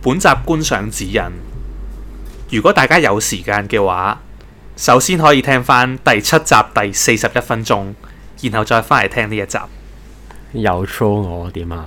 本集觀賞指引：如果大家有時間嘅話，首先可以聽翻第七集第四十一分鐘，然後再返嚟聽呢一集。有抽 我點啊！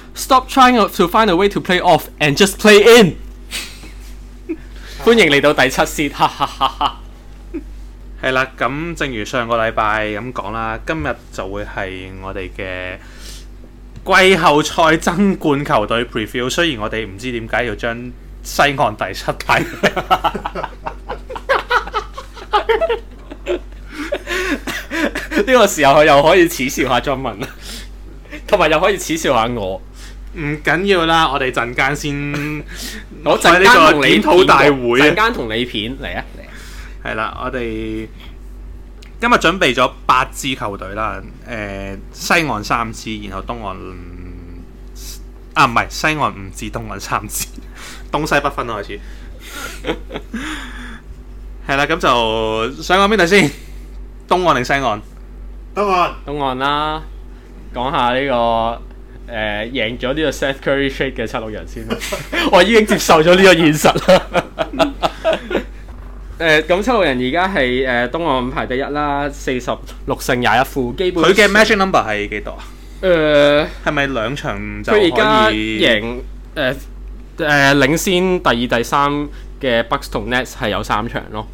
Stop trying to find a way to play off and just play in。 歡迎嚟到第七 C，哈哈哈哈。係啦，咁正如上個禮拜咁講啦，今日就會係我哋嘅季後賽爭冠球隊 preview。雖然我哋唔知點解要將西岸第七睇，呢 個時候佢又可以恥笑下 j 文，同埋又可以恥笑下我。唔緊要啦，我哋陣間先。我陣間同你討大會，陣間同你片嚟啊！嚟，係啦，我哋今日準備咗八支球隊啦。誒、呃，西岸三支，然後東岸啊，唔係西岸唔至東岸三支，東西不分開始。係 啦，咁就上講邊度先？東岸定西岸？東岸，東岸啦，講下呢個。誒、呃、贏咗呢個 Seth Curry trade 嘅七六人先， 我已經接受咗呢個現實啦、 呃。誒，咁七六人而家係誒東岸排第一啦，四十六勝廿一負，基本佢嘅 magic number 係幾多啊？誒、呃，係咪兩場就可以贏？誒、呃、誒、呃，領先第二、第三嘅 Bucks 同 Nets 係有三場咯。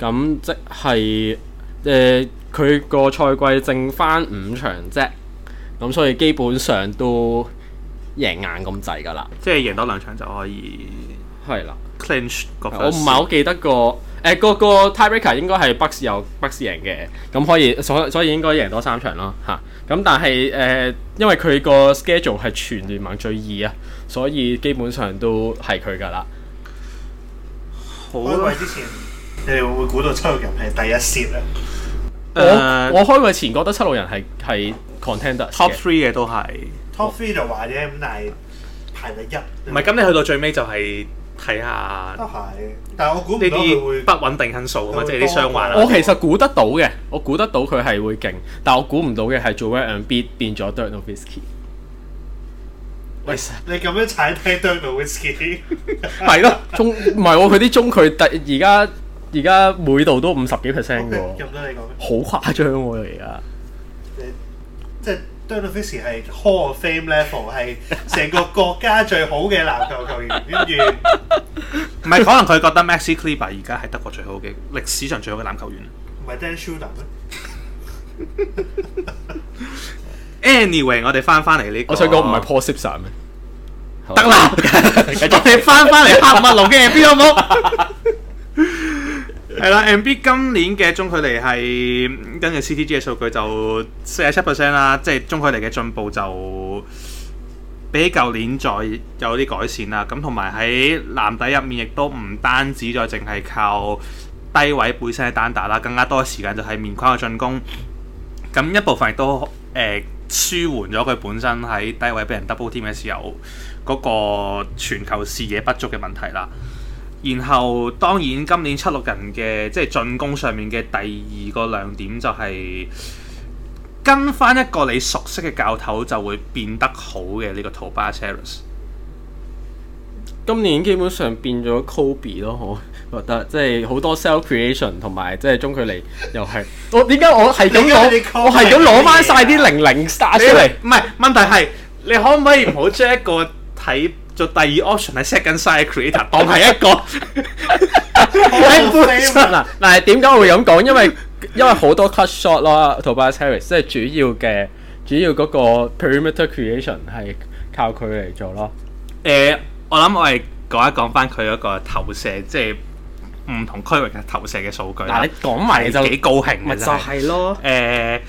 咁即係誒，佢、呃、個賽季剩翻五場啫。咁所以基本上都贏硬咁滯噶啦，即係贏多兩場就可以係啦。是的 Clinch 我唔係好記得個誒、呃、個個 tiebreaker 應該係 Bucks 有 Bucks 贏嘅，咁可以所以所以應該贏多三場咯嚇。咁、啊、但係誒、呃，因為佢個 schedule 係全聯盟最易啊，所以基本上都係佢噶啦。好耐之前， 你會唔會估到七六人係第一 seed 咧、uh,？我開會前覺得七六人係係。contender top three 嘅都係 top three 就話啫咁，但係排第一唔係咁，你去到最尾就係睇下都係，但係我估呢啲會不穩定因素啊嘛，即係啲雙環啊。我其實估得到嘅，我估得到佢係會勁，但我估唔到嘅係做 A and B 變咗 Dinwiddie。喂，你咁樣踩低 Dinwiddie 係咯？中唔係我佢啲中佢第而家而家每度都五十幾 percent 㗎喎。咁多你講咩？好誇張喎，而家。即係 Nowitzki 係 Hall of Fame level，係成個國家最好嘅籃球球員，跟住唔係，可能佢覺得 Maxi Kleber 而家係德國最好嘅，歷史上最好嘅籃球員，唔係 Dennis Schröder 咩？Anyway，我哋翻翻嚟呢，我想講唔係 Paul Zipser 咩？得啦，我哋翻翻嚟黑麥龍嘅邊有冇？ 係啦，MB 今年嘅中距離係根據 CTG 嘅數據就四十七 percent 啦，即係中距離嘅進步就比舊年再有啲改善啦。咁同埋喺籃底入面亦都唔單止再淨係靠低位背身嘅單打啦，更加多嘅時間就係面框嘅進攻。咁一部分亦都誒、呃、舒緩咗佢本身喺低位俾人 double team 嘅時候嗰、那個傳球視野不足嘅問題啦。然後當然今年七六人嘅即係進攻上面嘅第二個亮點，就係跟翻一個你熟悉嘅教頭就會變得好嘅，呢個 Tobias Harris 今年基本上變咗 Kobe 咯，我覺得即係好多 sell creation 同埋即係中距離又係。我點解我係咁樣？我係咁攞翻晒啲零零殺出嚟？唔係問題係你可唔可以唔好將一個睇做第二 option，係 second side creator，當係一個 exclusion 啊！嗱，點解我會咁講？因為因為好多 cut shot 啦，Tobias Harris 即係主要嘅主要嗰個 perimeter creation 係靠佢嚟做咯。誒，我諗我係講一講翻佢嗰個投射，即係唔同區域嘅投射嘅數據啦。嗱，你講埋你就幾高興咪就係咯。誒。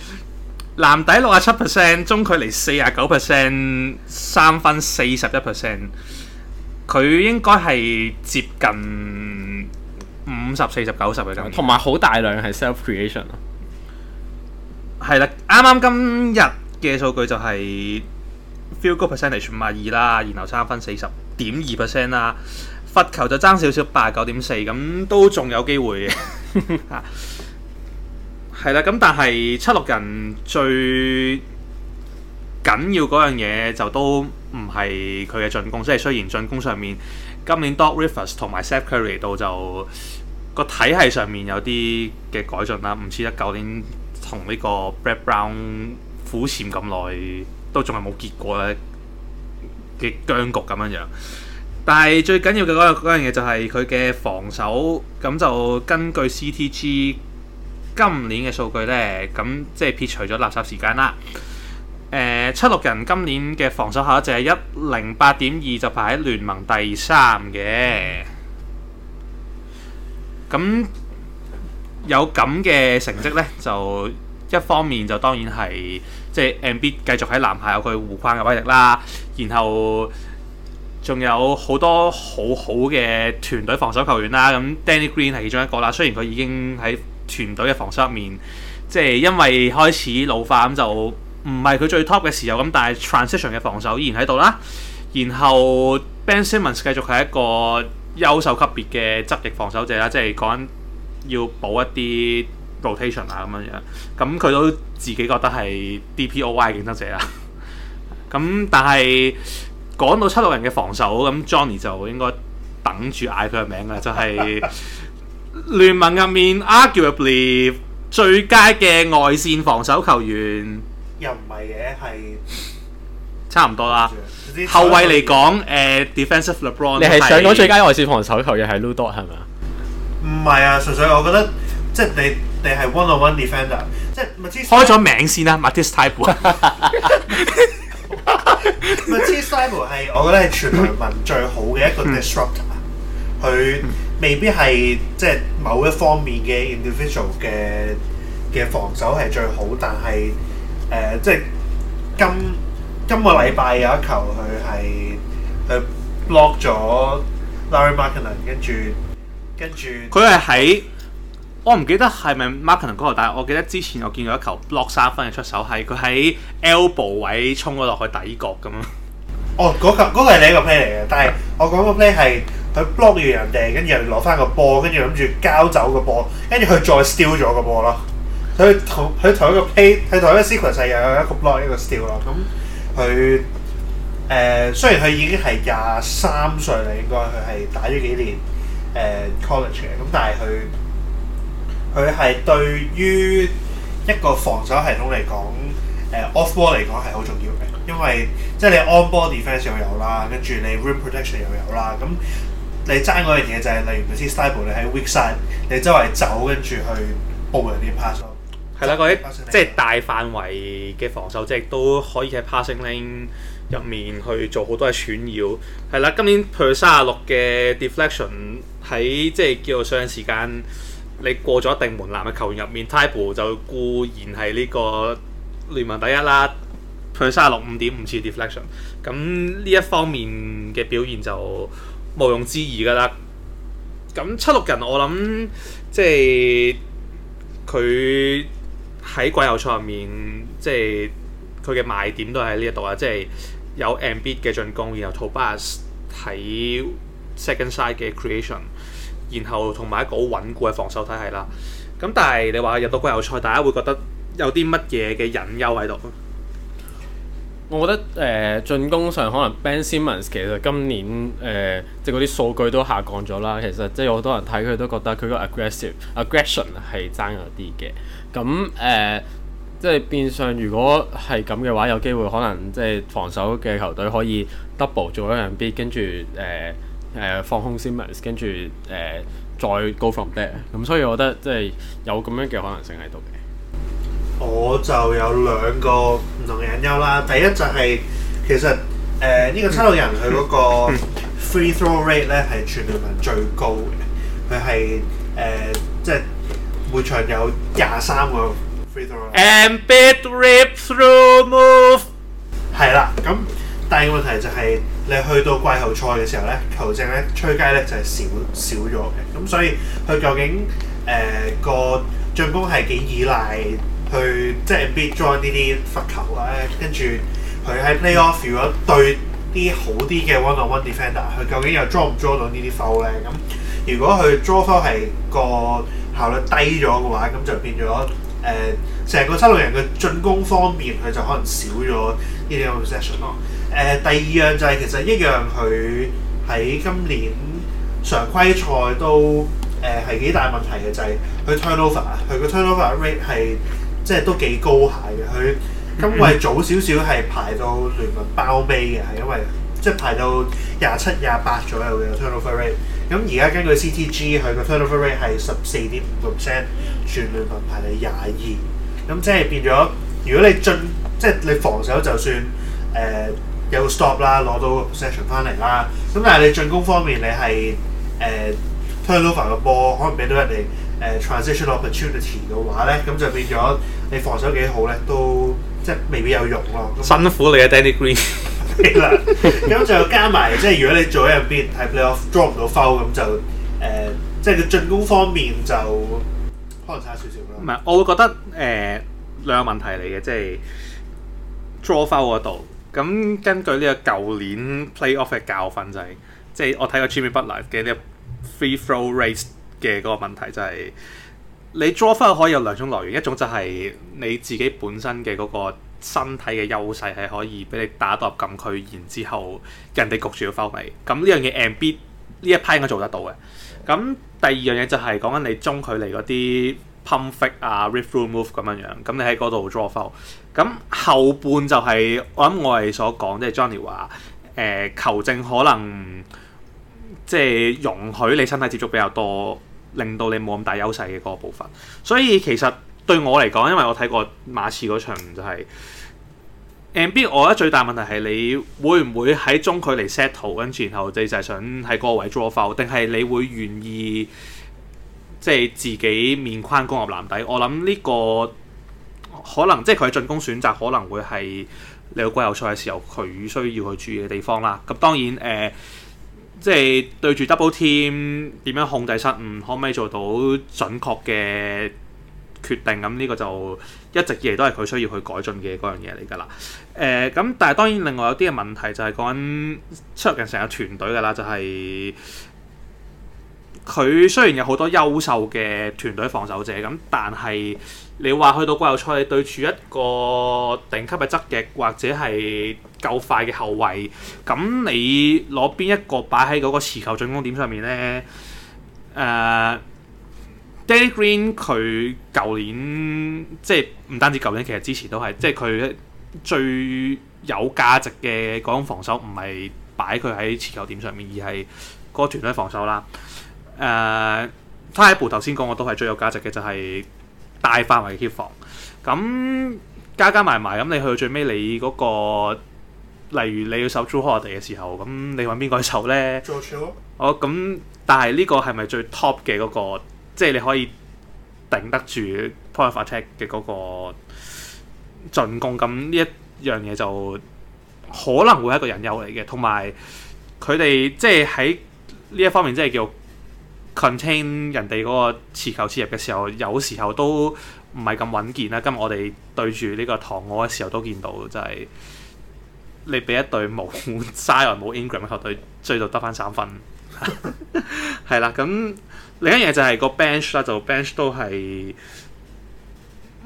籃底六十七 percent，中距離四啊九 percent，三分四十一 percent，佢應該係接近五十四十九十嘅，咁，同埋好大量係 self creation 咯。係啦，啱啱今日嘅數據就係 field goal percentage 五啊二啦，然後三分四十點二 percent 啦，罰球就爭少少八啊九點四，咁都仲有機會嘅。 係啦，咁但係七六人最緊要嗰樣嘢就都唔係佢嘅進攻，即係雖然進攻上面今年 Doc Rivers 同埋 Seth Curry 到就個體系上面有啲嘅改進啦，唔似得舊年同呢個 Brad Brown 苦纏咁耐都仲係冇結果嘅僵局咁樣樣。但係最緊要嘅嗰樣嗰樣嘢就係佢嘅防守，咁就根據 CTG，今年嘅數據呢，咁即係撇除咗垃圾時間啦。呃，七六人今年嘅防守效率一零八點二就排喺聯盟第三嘅。咁有咁嘅成績呢，就一方面就當然係即係 M B 繼續喺籃下有佢護框嘅威力啦。然後仲有好多好好嘅團隊防守球員啦。咁 Danny Green 係其中一個啦。雖然佢已經喺團隊嘅防守入面，即係因為開始老化咁就唔係佢最 top 嘅時候咁，但係 transition 嘅防守依然喺度啦。然後 Ben Simmons 繼續係一個優秀級別嘅側翼防守者啦，即係講緊要補一啲 rotation 啊咁樣樣。咁佢都自己覺得係 DPOY 競爭者啦。咁 但係講到七六人嘅防守，咁 Johnny 就應該等住嗌佢嘅名啦，就係、是。 聯盟入面 arguably 最佳嘅外線防守球員又唔係嘅，係差唔多啦，後衛嚟講誒 defensive lebron 你係想講最佳外線防守球員係 Lu Dort 係咪啊？唔係啊，純粹我覺得即係你哋係 one on one defender 即係開咗名先啦 Matisse type Matisse type，係我覺得係全聯盟最好嘅一個 disrupt 去未必係即係某一方面嘅 individual 嘅嘅防守係最好，但係誒、呃、即係今今個禮拜有一球佢係佢 block 咗 Lauri Markkanen，跟住跟住佢係喺我唔記得係咪 Markkanen 嗰度，但係我記得之前我見過一球 block 三分嘅出手係佢喺 elbow 位衝咗落去底角咁哦，嗰球嗰個係另、那個、一個 play 嚟嘅，但係我嗰個 play 係。佢 block 完人哋，跟住又攞翻個波，跟住諗住交走個波，跟住佢再 steal 咗個波咯。佢同佢同一個 play 佢同一個 sequence 又有一個 block 一個 steal 咯。咁佢誒雖然佢已經係廿三歲啦，應該佢係打咗幾年誒、呃、college 嘅，咁但係佢佢係對於一個防守系統嚟講，誒、呃、off ball 嚟講係好重要嘅，因為即係你 on ball defense 又有啦，跟住你 rim protection 又有啦，咁。你爭嗰樣嘢就係，例如頭先 Thybulle 你喺 weak side，你周圍走跟住去報人啲 pass，係啦嗰啲，即係大範圍嘅防守，即係都可以喺 passing lane 入面去做好多嘅穿繞。係啦，今年 per 36嘅 deflection 喺即係叫做上時間，你過咗一定門檻嘅球員入面，Thybulle 就固然係呢個聯盟第一啦。per 36五點五次 deflection，咁呢一方面嘅表現就。毋庸置疑噶啦，咁七六人我諗即係佢喺季後賽入面，即係佢嘅賣點都係呢一度啦，即係有 Embiid 嘅進攻，然後 Tobias 喺 second side 嘅 creation，然後同埋一個好穩固嘅防守體系啦。咁但係你話入到季後賽，大家會覺得有啲乜嘢嘅隱憂喺度？我覺得誒、呃、進攻上可能 Ben Simmons 其實今年誒、呃、即係嗰啲數據都下降咗啦，其實即係好多人睇佢都覺得佢個 aggressive aggression 係爭咗啲嘅。咁誒、呃、即係變相如果係咁嘅話，有機會可能即係防守嘅球隊可以 double 做一樣 beat，跟住誒誒放空 Simmons 跟住誒、呃、再 go from there 咁所以我覺得即係有咁樣嘅可能性喺度嘅。我就有兩個唔同嘅隱憂啦。第一就係、是、其實誒呢、呃呢個76人佢嗰個 free throw rate 咧係全聯盟最高嘅。佢係誒即係每場有廿三個 free throw rate。And big rip through move。係啦，咁第二個問題就係、是、你去到季後賽嘅時候咧，球證咧吹雞咧就係、是、少少咗嘅。咁所以佢究竟誒、呃嗰個進攻係幾依賴？去即係 be draw 呢啲罰球啊，跟住佢喺 playoff 如果對啲好啲嘅 one on one defender，佢究竟又 draw 唔 draw 到呢啲 foul 咧？咁如果佢 draw foul 係個效率低咗嘅話，咁就變咗誒成、呃、個七六人嘅進攻方面，佢就可能少咗呢啲咁嘅 session 咯。誒、呃、第二樣就係、是、其實一樣，佢喺今年常規賽都誒係、呃、幾大問題嘅，就係、是、佢 turnover 啊，佢嘅 turnover rate 係。即係都幾高下嘅，佢今季早少少係排到聯盟包尾嘅，係因為即係排到廿七、廿八左右嘅 turnover rate。咁而家根據 CTG，佢個 turnover rate 係十四點五個 percent，全聯盟排喺廿二。咁即係變咗，如果你進即係你防守就算誒、呃、有 stop 啦，攞到 position 翻嚟啦，咁但係你進攻方面你係誒、呃、turnover 嘅波可能俾到人哋。誒 transition opportunity 嘅話咧，咁就變咗你防守幾好咧，都即係未必有用咯。辛苦你啊，Danny Green 咁就加埋即係如果你做喺入邊，playoff draw 唔到 foul 咁就誒、呃，即係佢進攻方面就可能差少少咯。唔係，我會覺得誒兩、呃、個問題嚟嘅，即、就、係、是、draw foul 嗰度。咁根據呢個舊年 playoff 嘅教訓就係、是，即、就、係、是、我睇過 Jimmy Butler 嘅呢個 free throw rate 嘅嗰個問題就係、是、你 draw foul 可以有兩種來源，一種就係你自己本身嘅嗰個身體嘅優勢係可以俾你打到入禁區，然之後人哋焗住個 foul 嚟。咁呢樣嘢 Embiid 呢一批應該做得到嘅。咁、嗯、第二樣嘢就係講緊你中距離嗰啲 pump fake 啊 rip through move 咁樣樣。咁、嗯、你喺嗰度 draw foul 咁、嗯、後半就係、是、我諗我哋所講，即、就、係、是、Johnny 話，誒、呃、球證可能即係容許你身體接觸比較多。令到你冇咁大優勢嘅嗰部分，所以其實對我嚟講，因為我睇過馬刺嗰場就係、是、NBA，我覺得最大問題係你會唔會喺中距離 set 圖跟住然後你就係想喺個位 drop foul 定係你會願意即係、就是、自己面框攻入籃底？我諗呢、這個可能即係佢嘅進攻選擇可能會係你個季後賽嘅時候佢需要去注意嘅地方啦。咁當然誒。呃即係對住 Double Team 點樣控制失誤，可唔可以做到準確嘅決定？咁呢個就一直以嚟都係佢需要去改進嘅嗰樣嘢嚟㗎啦。誒、呃，咁但係當然另外有啲嘅問題就係講緊出入成個團隊㗎啦，就係、是、佢雖然有好多優秀嘅團隊防守者咁，但係。你話去到季後賽，對住一個頂級嘅側翼或者係夠快嘅後衛，咁你攞邊一個擺喺嗰個持球進攻點上面呢？誒 Danny Green 佢舊年即係唔單止舊年，其實之前都係，即係佢最有價值嘅嗰種防守，唔係擺佢喺持球點上面，而係個團隊防守啦。誒 Thybulle 頭先講，我都係最有價值嘅，就係、是。大範圍嘅協防，咁加加埋埋，咁你去到最尾你嗰個，例如你要守 Jrue Holiday 嘅時候，咁你揾邊個去守呢？哦，咁但係呢個係咪最 top 嘅嗰個，即係你可以頂得住 point of attack 嘅嗰個進攻？咁呢一樣嘢就可能會係一個隱憂嚟嘅，同埋佢哋即係喺呢一方面，即係叫。contain 人哋嗰個持球切入嘅時候，有時候都唔係咁穩健啦。今日我哋對住呢個塘鵝嘅時候都見到，就係、是、你俾一隊冇 size 冇 Ingram 嘅球隊追到得返三分，係啦。咁另一樣嘢就係個 bench 啦 ben，就 bench 都係。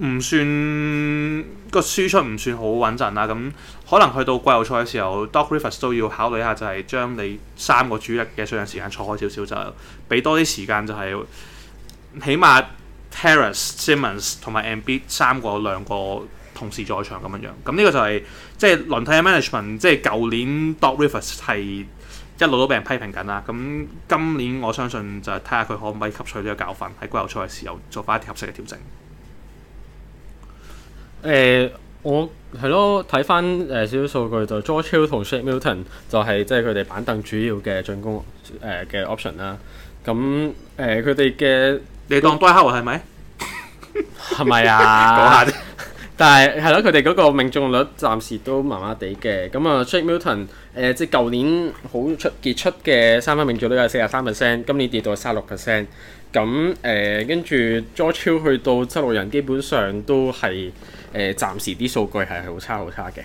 唔算、個輸出唔算好穩陣啦、啊。咁可能去到季後賽嘅時候，Doc Rivers 都要考慮一下，就係將你三個主力嘅上場時間錯開少少，就俾、是、多啲時間就係、是、起碼 Harris、Simmons 同埋 Embiid 三個兩個同時在場咁樣樣。咁呢個就係即係輪替嘅 management。即係舊年 Doc Rivers 係一路都俾人批評緊啦。咁今年我相信就係睇下佢可唔可以吸取呢個教訓，喺季後賽嘅時候做翻一啲合適嘅調整。誒、呃，我係咯，睇翻誒少少數據就 George Hill 同 Shake Milton 就係即係佢哋板凳主要嘅進攻誒嘅、呃、option 啦、啊。咁誒佢哋嘅你當 d i e h a 係咪？係咪 啊？ 但係係咯，佢哋嗰個命中率暫時都麻麻地嘅。咁啊，Shake Milton 誒、呃、即係舊年好出傑出嘅三分命中率有四十三 percent，今年跌到三十六 percent。咁誒跟住 George Hill 去到七六人基本上都係。誒暫、呃、時啲數據係好差好差嘅，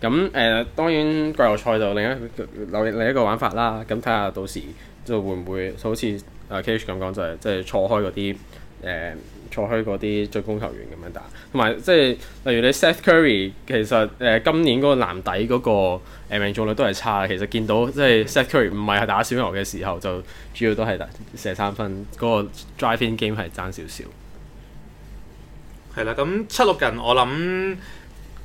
咁誒、呃、當然季後賽就另一另另一個玩法啦，咁睇下到時就會唔會好似阿 K H 咁講，就係即係錯開嗰啲誒錯開嗰啲進攻球員咁樣打，同埋即係例如你 Seth Curry 其實誒、呃、今年嗰個籃底嗰個、呃、命中率都係差，其實見到即係 Seth Curry 唔係打小球嘅時候，就主要都係打射三分，嗰、那個 driving game 係爭少少。係啦，咁七六人我諗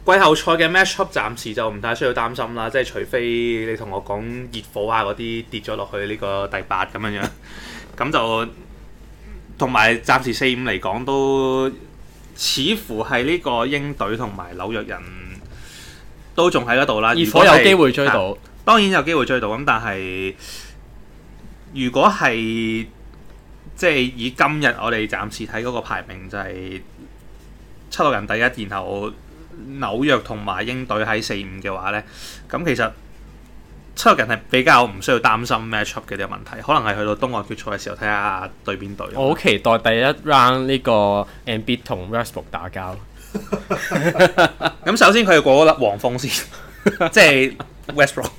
季後賽嘅 matchup 暫時就唔太需要擔心啦，即係除非你同我講熱火啊嗰啲跌咗落去呢個第八咁樣樣，咁就同埋暫時四五嚟講都似乎係呢個鷹隊同埋紐約人都仲喺嗰度啦。熱火有機會追到，當然有機會追到，咁但係如果係即係以今日我哋暫時睇嗰個排名就係。七六人第一，然後紐約同埋英隊喺四五嘅話呢。咁其實七六人係比較唔需要擔心 matchup 嘅啲問題，可能係去到東岸決賽嘅時候睇下對邊隊。我好期待第一 round 呢個 Embiid 同 Westbrook 打交。咁 首先佢要過嗰粒黃蜂先，即 係 Westbrook。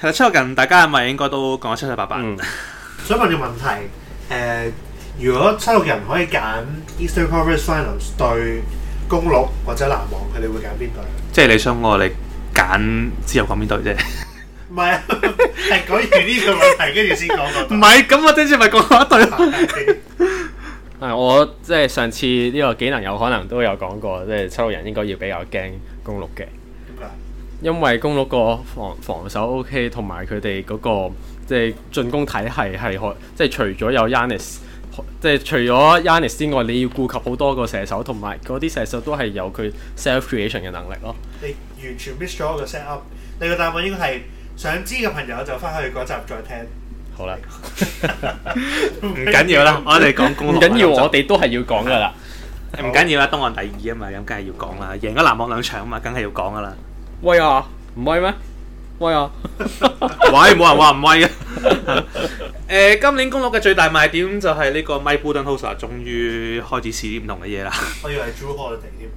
係啦，七六人大家係咪應該都講七七八八？嗯、 想問個問題，誒、呃？如果七六人可以揀 Eastern Conference Finals 對公鹿或者籃網，佢哋會揀邊隊？即係你想我嚟揀自由揀邊隊啫？唔係，係講完呢條問題跟住先講個。唔係，咁我之前咪講過一隊。我即係上次呢個技能有可能都有講過，即係七六人應該要比較驚公鹿嘅，因為公鹿個防防守 OK，同埋佢哋嗰個即係進攻體系係可，即係除咗有 Yanis。即係除咗 Yannis 之外，你要顧及好多個射手，同埋嗰啲射手都係有佢 self creation 嘅能力咯。你完全 miss 咗個 set up。你個答案應該係想知嘅朋友就翻去嗰集再聽。好啦，唔緊要啦，我哋講唔 緊要， 我哋都係要講噶啦。唔緊要啊，東 岸、嗯、第二啊嘛，咁梗係要講啦。贏咗籃網兩場啊嘛，梗係要講噶啦。威啊，唔威咩？喂啊！喂，冇 人話唔威啊！誒，今年公鹿嘅最大賣點就係呢個 Mike Budenholzer 終於開始試啲唔同嘅嘢啦。我以為 Jrue Holiday 添，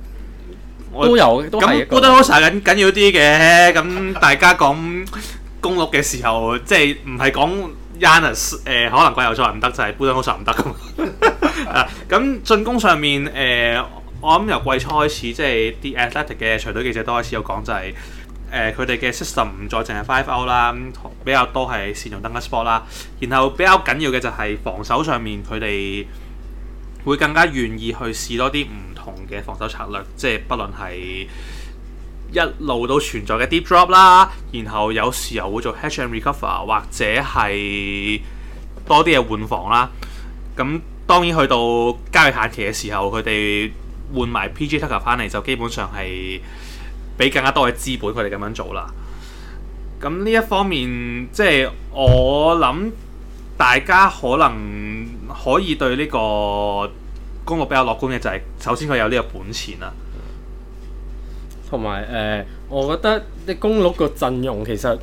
都有嘅。咁 Budenholzer 緊緊要啲嘅，咁 大家講公鹿嘅時候，即、就、係、是、唔係講 Yanis 誒、呃，可能季後賽唔得就係 Budenholzer 唔得咁。啊，咁進攻上面誒、呃，我諗由季初開始，即、就、係、是、啲 Athletic 嘅隨隊記者都開始有講就係、是。誒佢哋嘅 system 唔再淨係 five out 啦，比較多係善用登卡 sport 啦。然後比較緊要嘅就係防守上面，佢哋會更加願意去試多啲唔同嘅防守策略，即係不論係一路都存在嘅 deep drop 啦。然後有時候會做 hedge and recover，或者係多啲嘅換防啦。咁當然去到交易限期嘅時候，佢哋換埋 PJ Tucker 翻嚟，就基本上係。俾更加多嘅資本，佢哋咁樣做啦。咁呢一方面，即係我諗大家可能可以對呢個公鹿比較樂觀嘅就係、是，首先佢有呢個本錢啦。同埋誒，我覺得啲公鹿個陣容其實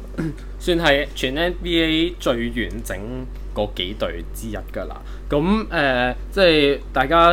算係全 NBA 最完整嗰幾隊之一㗎啦。咁誒、呃，即係大家。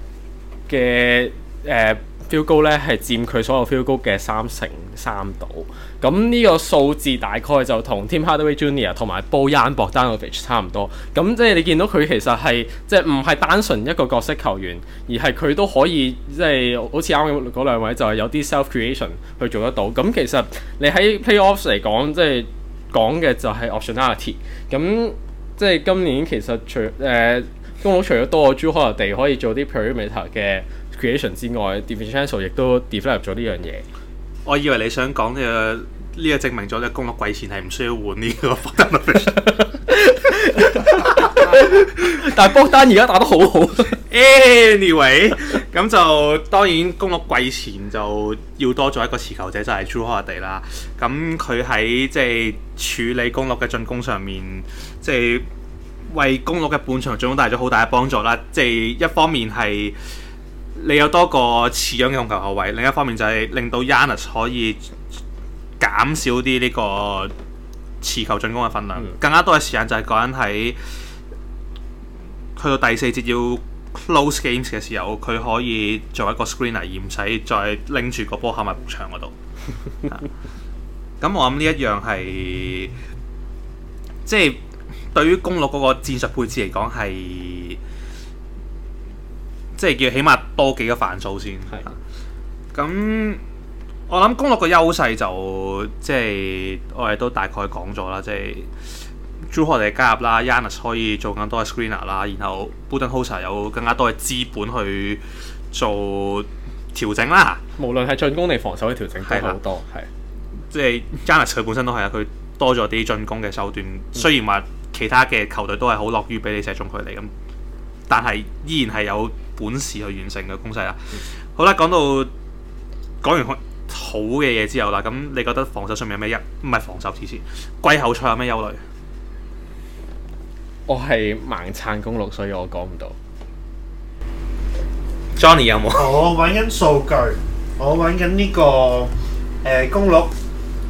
嘅誒 feel go 咧，係佔佢所有 feel go 嘅三成三度。咁呢個數字大概就同 Tim Hardaway Jr. 同埋 Bojan Bogdanovic 差唔多。咁即係你見到佢其實係即係唔係單純一個角色球員，而係佢都可以即係好似啱嗰兩位就係、是、有啲 self creation 去做得到。咁其實你喺 Playoffs 嚟講，即係講嘅就係 optionality。咁即係今年其實除誒。呃公鹿除咗多個朱克華地可以做啲 perimeter 嘅 creation 之外，dimensional 亦都 develop 咗呢樣嘢。我以為你想講嘅呢個證明咗你公鹿季前係唔需要換呢個 foundation 但係波丹而家打得好好、 anyway,。anyway，咁就當然公鹿季前就要多咗一個持球者就係朱克華地啦。咁佢喺即係處理公鹿嘅進攻上面，即、就、係、是。為公鹿嘅半場進攻帶咗好大嘅幫助啦，即係一方面係你有多個似樣嘅控球後衞，另一方面就係令到 Giannis 可以減少啲呢個持球進攻嘅分量，更加多嘅時間就係講緊喺去到第四節要 close games 嘅時候，佢可以做一個 screener 而唔使再拎住個波靠埋牆嗰度。咁、 啊、我諗呢一樣係即係。對於公鹿嗰個戰術配置嚟講，係即係要起碼多幾個犯數先。係咁的、啊、我諗公鹿嘅優勢就即係我哋都大概講咗啦，即係朱荷莉加入啦，Giannis 可以做更多嘅 screener 啦，然後 Budenholzer 有更加多嘅資本去做調整啦。無論係進攻定防守嘅調整，都係好多。係，即係 Giannis 佢本身都係啊，佢多咗啲進攻嘅手段， 雖然話。其他嘅球隊都係好樂於俾你射中距離咁，但係依然係有本事去完成嘅攻勢啦。嗯、好啦，講到講完好嘅嘢之後啦，咁你覺得防守上面有咩一唔係防守次次季後賽有咩憂慮？我係盲撐公鹿，所以我講唔到。Johnny 有冇？我揾緊數據，我揾緊呢個誒公鹿。呃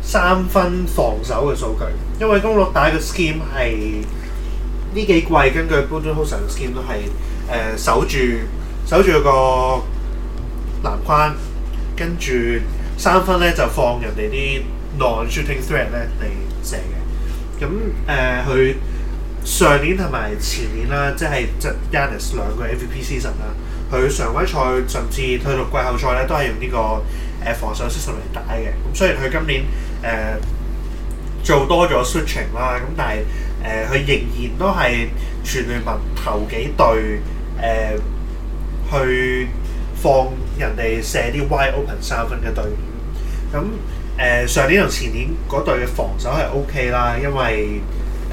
三分防守嘅數據，因為公鹿打嘅 scheme 係，呢幾季根據 Budenholzer 嘅 scheme 都係誒、呃、守住守住個籃框，跟住三分咧就放人哋啲 non-shooting threat 咧嚟射嘅。咁誒佢上年同埋前年啦，即係即係 Yanis 兩個 MVP season 啦，佢常規賽甚至退到季後賽咧都係用呢、呢個。誒防守輸出嚟打嘅，咁雖然佢今年誒、呃、做多咗 switching 啦，咁但係誒佢仍然都係全聯盟頭幾隊誒、呃、去放人哋射啲 wide open 三分嘅隊員。咁誒、呃、上年同前年嗰隊嘅防守係 OK 啦，因為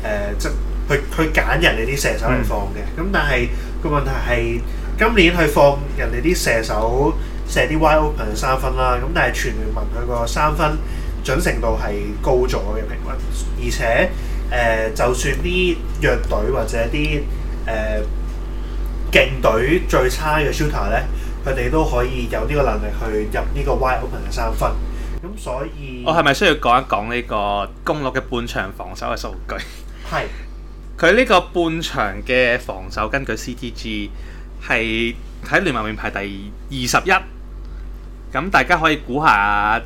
誒、呃、即佢佢揀人哋啲射手嚟放嘅，咁、嗯、但係個問題係今年佢放人哋啲射手。射啲 wide open 嘅三分啦，咁但係全聯盟佢個三分準成度係高咗嘅平均，而且誒、呃，就算啲弱隊或者啲誒、呃、勁隊最差嘅 shooter 咧，佢哋都可以有呢個能力去入呢個 wide open 嘅三分。咁所以我係咪需要講一講呢個公鹿嘅半場防守嘅數據？係是，佢呢個半場嘅防守根據 CTG 係喺聯盟面排第二十一。咁大家可以估下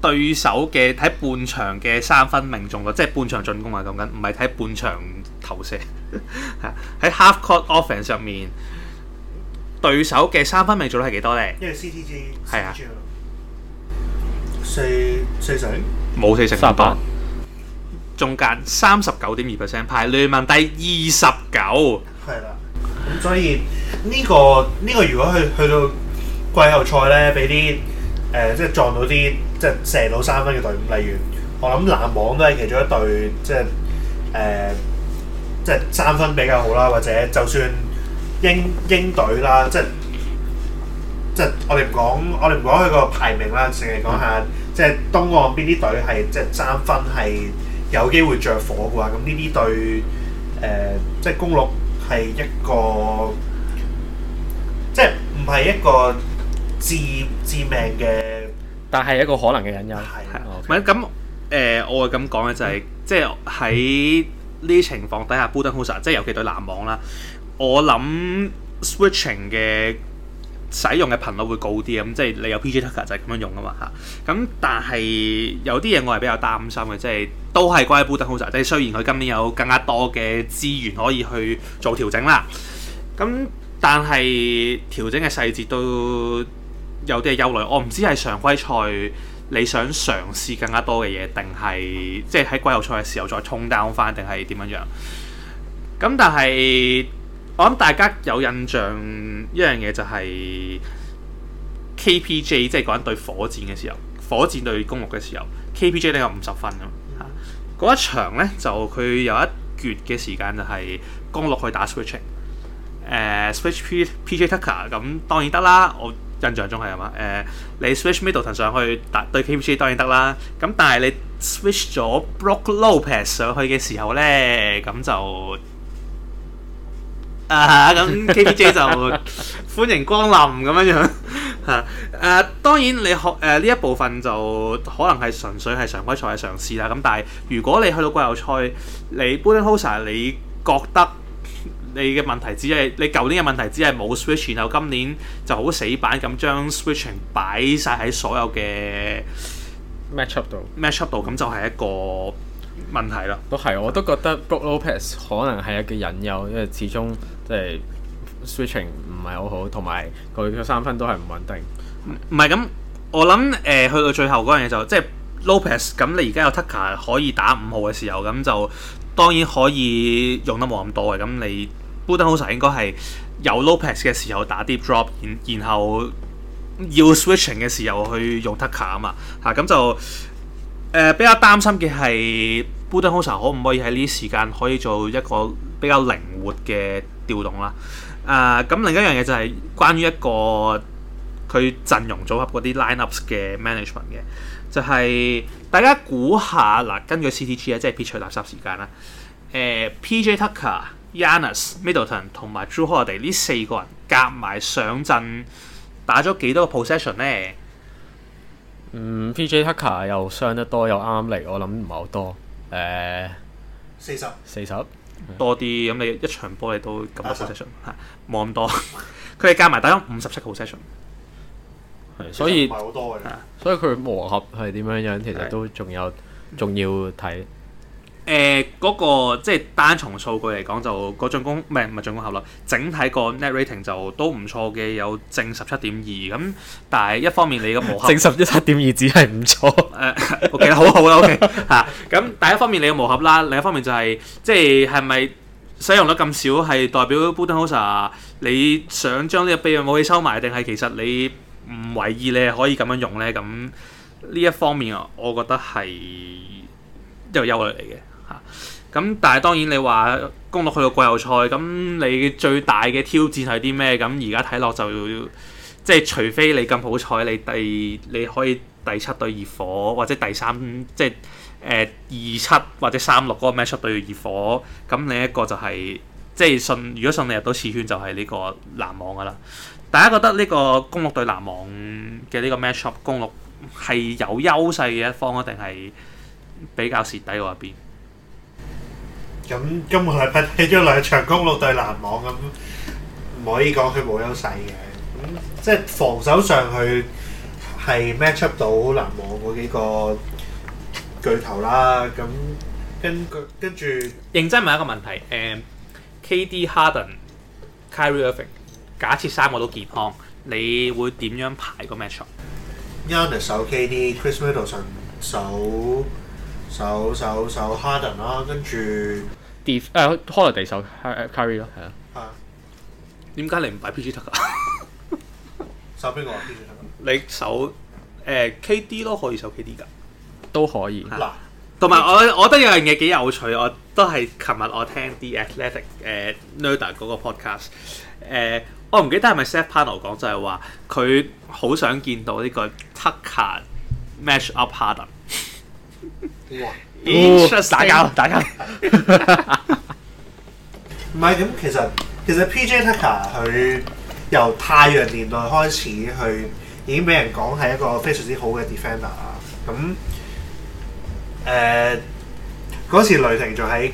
對手嘅喺半場嘅三分命中率，即係半場進攻啊！講緊唔係睇半場投射，喺 Half Court Offense 上面，對手嘅三分命中率係幾多呢？因為 CTG 係啊，4, 4四,四四成冇四成三八中間，三十九點二 percent，排聯盟第二十九，係啦。咁所以呢個呢個如果去去到。季後賽咧，俾啲誒，即係撞到啲，即係射到三分嘅隊伍。例如，我諗籃網都係其中一隊，即係誒、呃，即係三分比較好啦。或者就算鷹鷹隊啦，即係即係我哋唔講，我哋唔講佢個排名啦，淨係講下，嗯、即係東岸邊啲隊係即係三分係有機會着火嘅話，咁呢啲隊誒，即係公鹿係一個，即係唔係一個。致致命嘅，但係一個可能嘅隱憂。係咪咁？誒 Okay.、呃，我會咁講嘅，就係、嗯、即係喺呢啲情況底下，嗯、布登豪澤，即係尤其對籃網啦。我諗 switching 嘅使用嘅頻率會高啲咁，即係你有 P.J. Tucker 就係咁樣用啊嘛吓。咁但係有啲嘢我係比較擔心嘅，即係都係關於布登豪澤。即係雖然佢今年有更加多嘅資源可以去做調整啦，咁但係調整嘅細節都。有啲係憂慮，我唔知係常規賽你想嘗試更加多嘅嘢，定係即係喺季後賽嘅時候再沖 down 翻，定係點樣樣？咁但係我諗大家有印象一樣嘢就係 K P J 即係講緊對火箭嘅時候，火箭對公鹿嘅時候，K P J 都有五十分咁嗰、啊、一場呢，就佢有一撅嘅時間就係公鹿去打 switching、呃、誒 switch P P J Tucker 咁，當然得啦，我。印象中係係嘛？誒、呃，你 switch Middleton 上去，對 k p g 當然得啦。咁但係你 switch 咗 Brook Lopez 上去嘅時候咧，咁就啊咁 k p g 就 歡迎光臨咁樣樣嚇。誒、啊，當然你學誒呢一部分就可能係純粹係常規賽嘅嘗試啦。咁但係如果你去到季後賽，你 Budenholzer、er、你覺得？你嘅問題只係你舊年嘅問題只係冇 switch，然後今年就好死板咁將 switching 擺晒喺所有嘅 matchup 度 matchup 度，咁 Match up. 就係一個問題啦。都係，我都覺得 Brook Lopez 可能係一個隱憂，因為始終即係 switching 唔係好好，同埋佢嘅三分都係唔穩定。唔唔係咁，我諗誒去到最後嗰樣嘢就即係 Lopez，咁你而家有 Tucker 可以打五號嘅時候，咁就。當然可以用得冇咁多嘅，咁你布登霍查應該係有 Lopez 嘅時候打 deep drop，然然後要 switching 嘅時候去用 Tucker 啊嘛，嚇、啊、咁就誒、呃、比較擔心嘅係布登霍查可唔可以喺呢啲時間可以做一個比較靈活嘅調動啦。誒、啊、咁另一樣嘢就係關於一個佢陣容組合嗰啲 lineups 嘅 management 嘅。就係、是、大家估下嗱，根據 CTG 啊，即係撇除垃圾時間啦。誒、呃、PJ Tucker、Giannis Middleton 同埋 Drew Holiday 呢四個人夾埋上陣打咗幾多個 possession 咧？嗯，PJ Tucker 又傷得多又啱啱嚟，我諗唔係好多。誒、呃，四十四十多啲，咁、嗯、你一場波你都咁多 possession 嚇，冇咁多。佢哋夾埋打咗五十七個 possession。所以，多的所以佢磨合係點樣樣，其實都仲有，仲的要睇。誒、呃，嗰、那個即係單從數據嚟講，就嗰進、那個、攻，唔係唔係進攻效率，整體個 net rating 就都唔錯嘅，有正十七點二咁。但係一方面你嘅磨合正十七點二，只係唔錯。誒，我記得好好啦，OK 吓 啊。咁第一方面你嘅磨合啦，另一方面就係、是、即係係咪使用率咁少，係代表 b u l l h o s e r 你想將呢個備用武器收埋，定係其實你？唔為意呢，可以咁樣用呢。咁呢一方面啊，我覺得係一個優劣嚟嘅嚇。咁、啊、但係當然你話攻落去到季後賽，咁你最大嘅挑戰係啲咩？咁而家睇落就即係除非你咁好彩，你第你可以第七對熱火，或者第三即係誒、呃、二七或者三六嗰個 matchup 對熱火，咁另一個就係、是、即係順，如果順利入到次圈就係、是、呢個籃網㗎喇。大家覺得呢個公鹿對籃網嘅呢個 matchup 公鹿係有優勢嘅一方，定係比較蝕底嗰一邊？咁今個禮拜睇咗兩場公鹿對籃網，咁唔可以講佢冇優勢嘅。咁即係防守上去係 matchup 到籃網嗰幾個巨頭啦。咁跟跟住，認真問一個問題，誒，KD Harden，Kyrie Irving。假設三個都健康，你會點樣排個 matchup？一首 KD，Chris Middleton 首首首首 Harden 啦，跟住 De 誒 Holiday 首 Curry 咯，係啊。啊。點解你唔擺 PG 特啊？首邊個 PG 特？你首誒 KD 咯，可以首 KD 噶，都可以。嗱，同埋我我覺得有樣嘢幾有趣，我都係琴日我聽啲 Athletic 誒、呃、Luda 嗰、呃那個 podcast 誒、呃。呃我唔記得係咪 set panel 講就係話佢好想見到呢個 Tucker match up Harden 哇、哦、 打交打交。唔係咁，其實其實 P. J. Tucker 佢由太陽年代開始去已經俾人講係一個非常之好嘅 defender 啊。咁誒嗰時雷霆仲喺，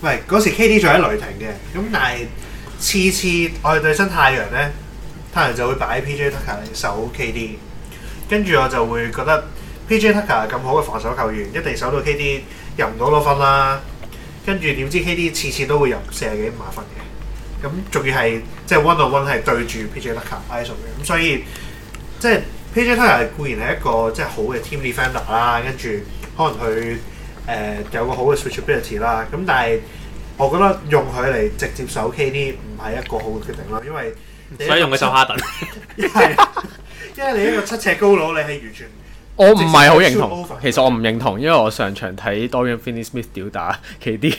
喂嗰時 K. D. 仲喺雷霆嘅，咁但係。次次我哋對新太陽咧，太陽就會擺 PJ Tucker 嚟守 KD，跟住我就會覺得 PJ Tucker 咁好嘅防守球員，一定守到 KD 入唔到攞分啦。跟住點知 KD 次次都會入四十幾五十分嘅，咁仲要係即係 one on one 係對住 PJ Tucker ISO 嘅，咁所以即係、就是、PJ Tucker 固然係一個即係、就是、好嘅 team defender 啦，跟住可能佢誒、呃、有個好嘅 switchability 啦，咁但係。我覺得用佢嚟直接守 KD 唔係一個好嘅決定啦，因為你所以用佢守哈登 因為你一個七尺高佬，你係完全，我唔係好認同， 其實我唔認同，因為我上場睇 Dorian Finney-Smith 屌打 KD。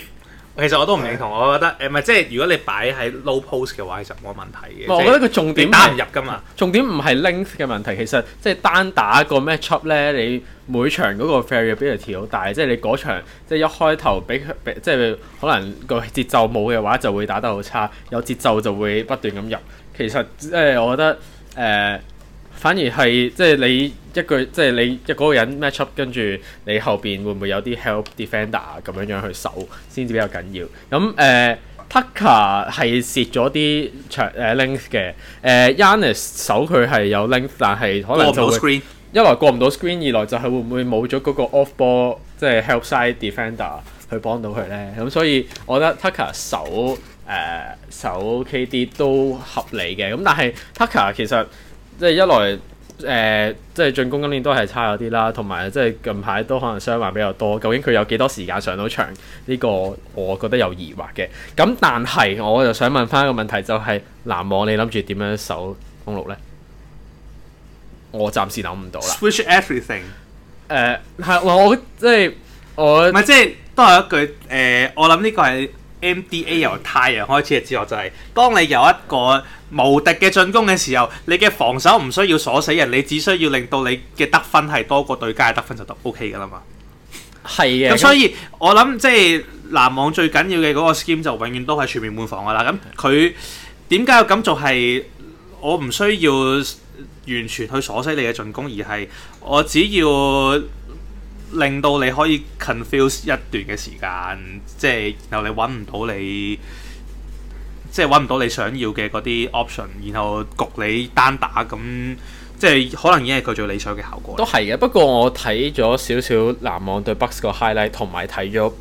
其實我都唔認同，係我覺得誒，唔係，即係如果你擺喺 low post 嘅話，其實冇問題嘅。我覺得佢重點打唔入㗎嘛，重點唔係 length 嘅問題，其實即係單打個 match up 咧，你每場嗰個 variability 好大，即係你嗰場即係一開頭俾佢俾即係可能個節奏冇嘅話，就會打得好差；有節奏就會不斷咁入。其實即係，我覺得誒。呃反而係即係你一句，即係你一嗰個人 match up 跟住你後邊會唔會有啲 help defender 咁樣樣去守先至比較緊要。咁誒、呃、Tucker 係蝕咗啲長誒 length、呃、嘅誒，Giannis 守佢係有 length，但係可能就會一來過唔到 screen，二來就係會唔會冇咗嗰個 off ball 即係 help side defender 去幫到佢咧。咁所以我覺得 Tucker 守誒、呃、守 KD 都合理嘅。咁但係 Tucker 其實。即係一來誒、呃，即係進攻今年都係差咗啲啦，同埋即係近排都可能傷患比較多。究竟佢有幾多時間上到場呢、這個，我覺得有疑惑嘅。咁但係，我就想問翻一個問題、就是，就係籃網，你諗住點樣守公鹿呢？我暫時諗唔到啦。Switch everything，誒、呃，係我即係我唔係即係都係一句誒、呃，我諗呢個係。NBA 由太陽開始嘅哲學就係，當你有一個無敵嘅進攻嘅時候，你嘅防守唔需要鎖死人，你只需要令到你嘅得分係多過對家嘅得分就得 OK 噶啦嘛。係嘅。咁所以，我諗即係籃網最緊要嘅嗰個 scheme 就永遠都係全面換防噶啦。咁佢點解要咁做係？我唔需要完全去鎖死你嘅進攻，而係我只要，令到你可以 confuse 一段嘅時間，即係，然後你揾唔到你，即係揾唔到你想要嘅嗰啲 option，然後焗你單打，咁即係可能已經係佢最理想嘅效果。都係嘅，不過我睇咗少少籃網對 Bucks 個 highlight，同埋睇咗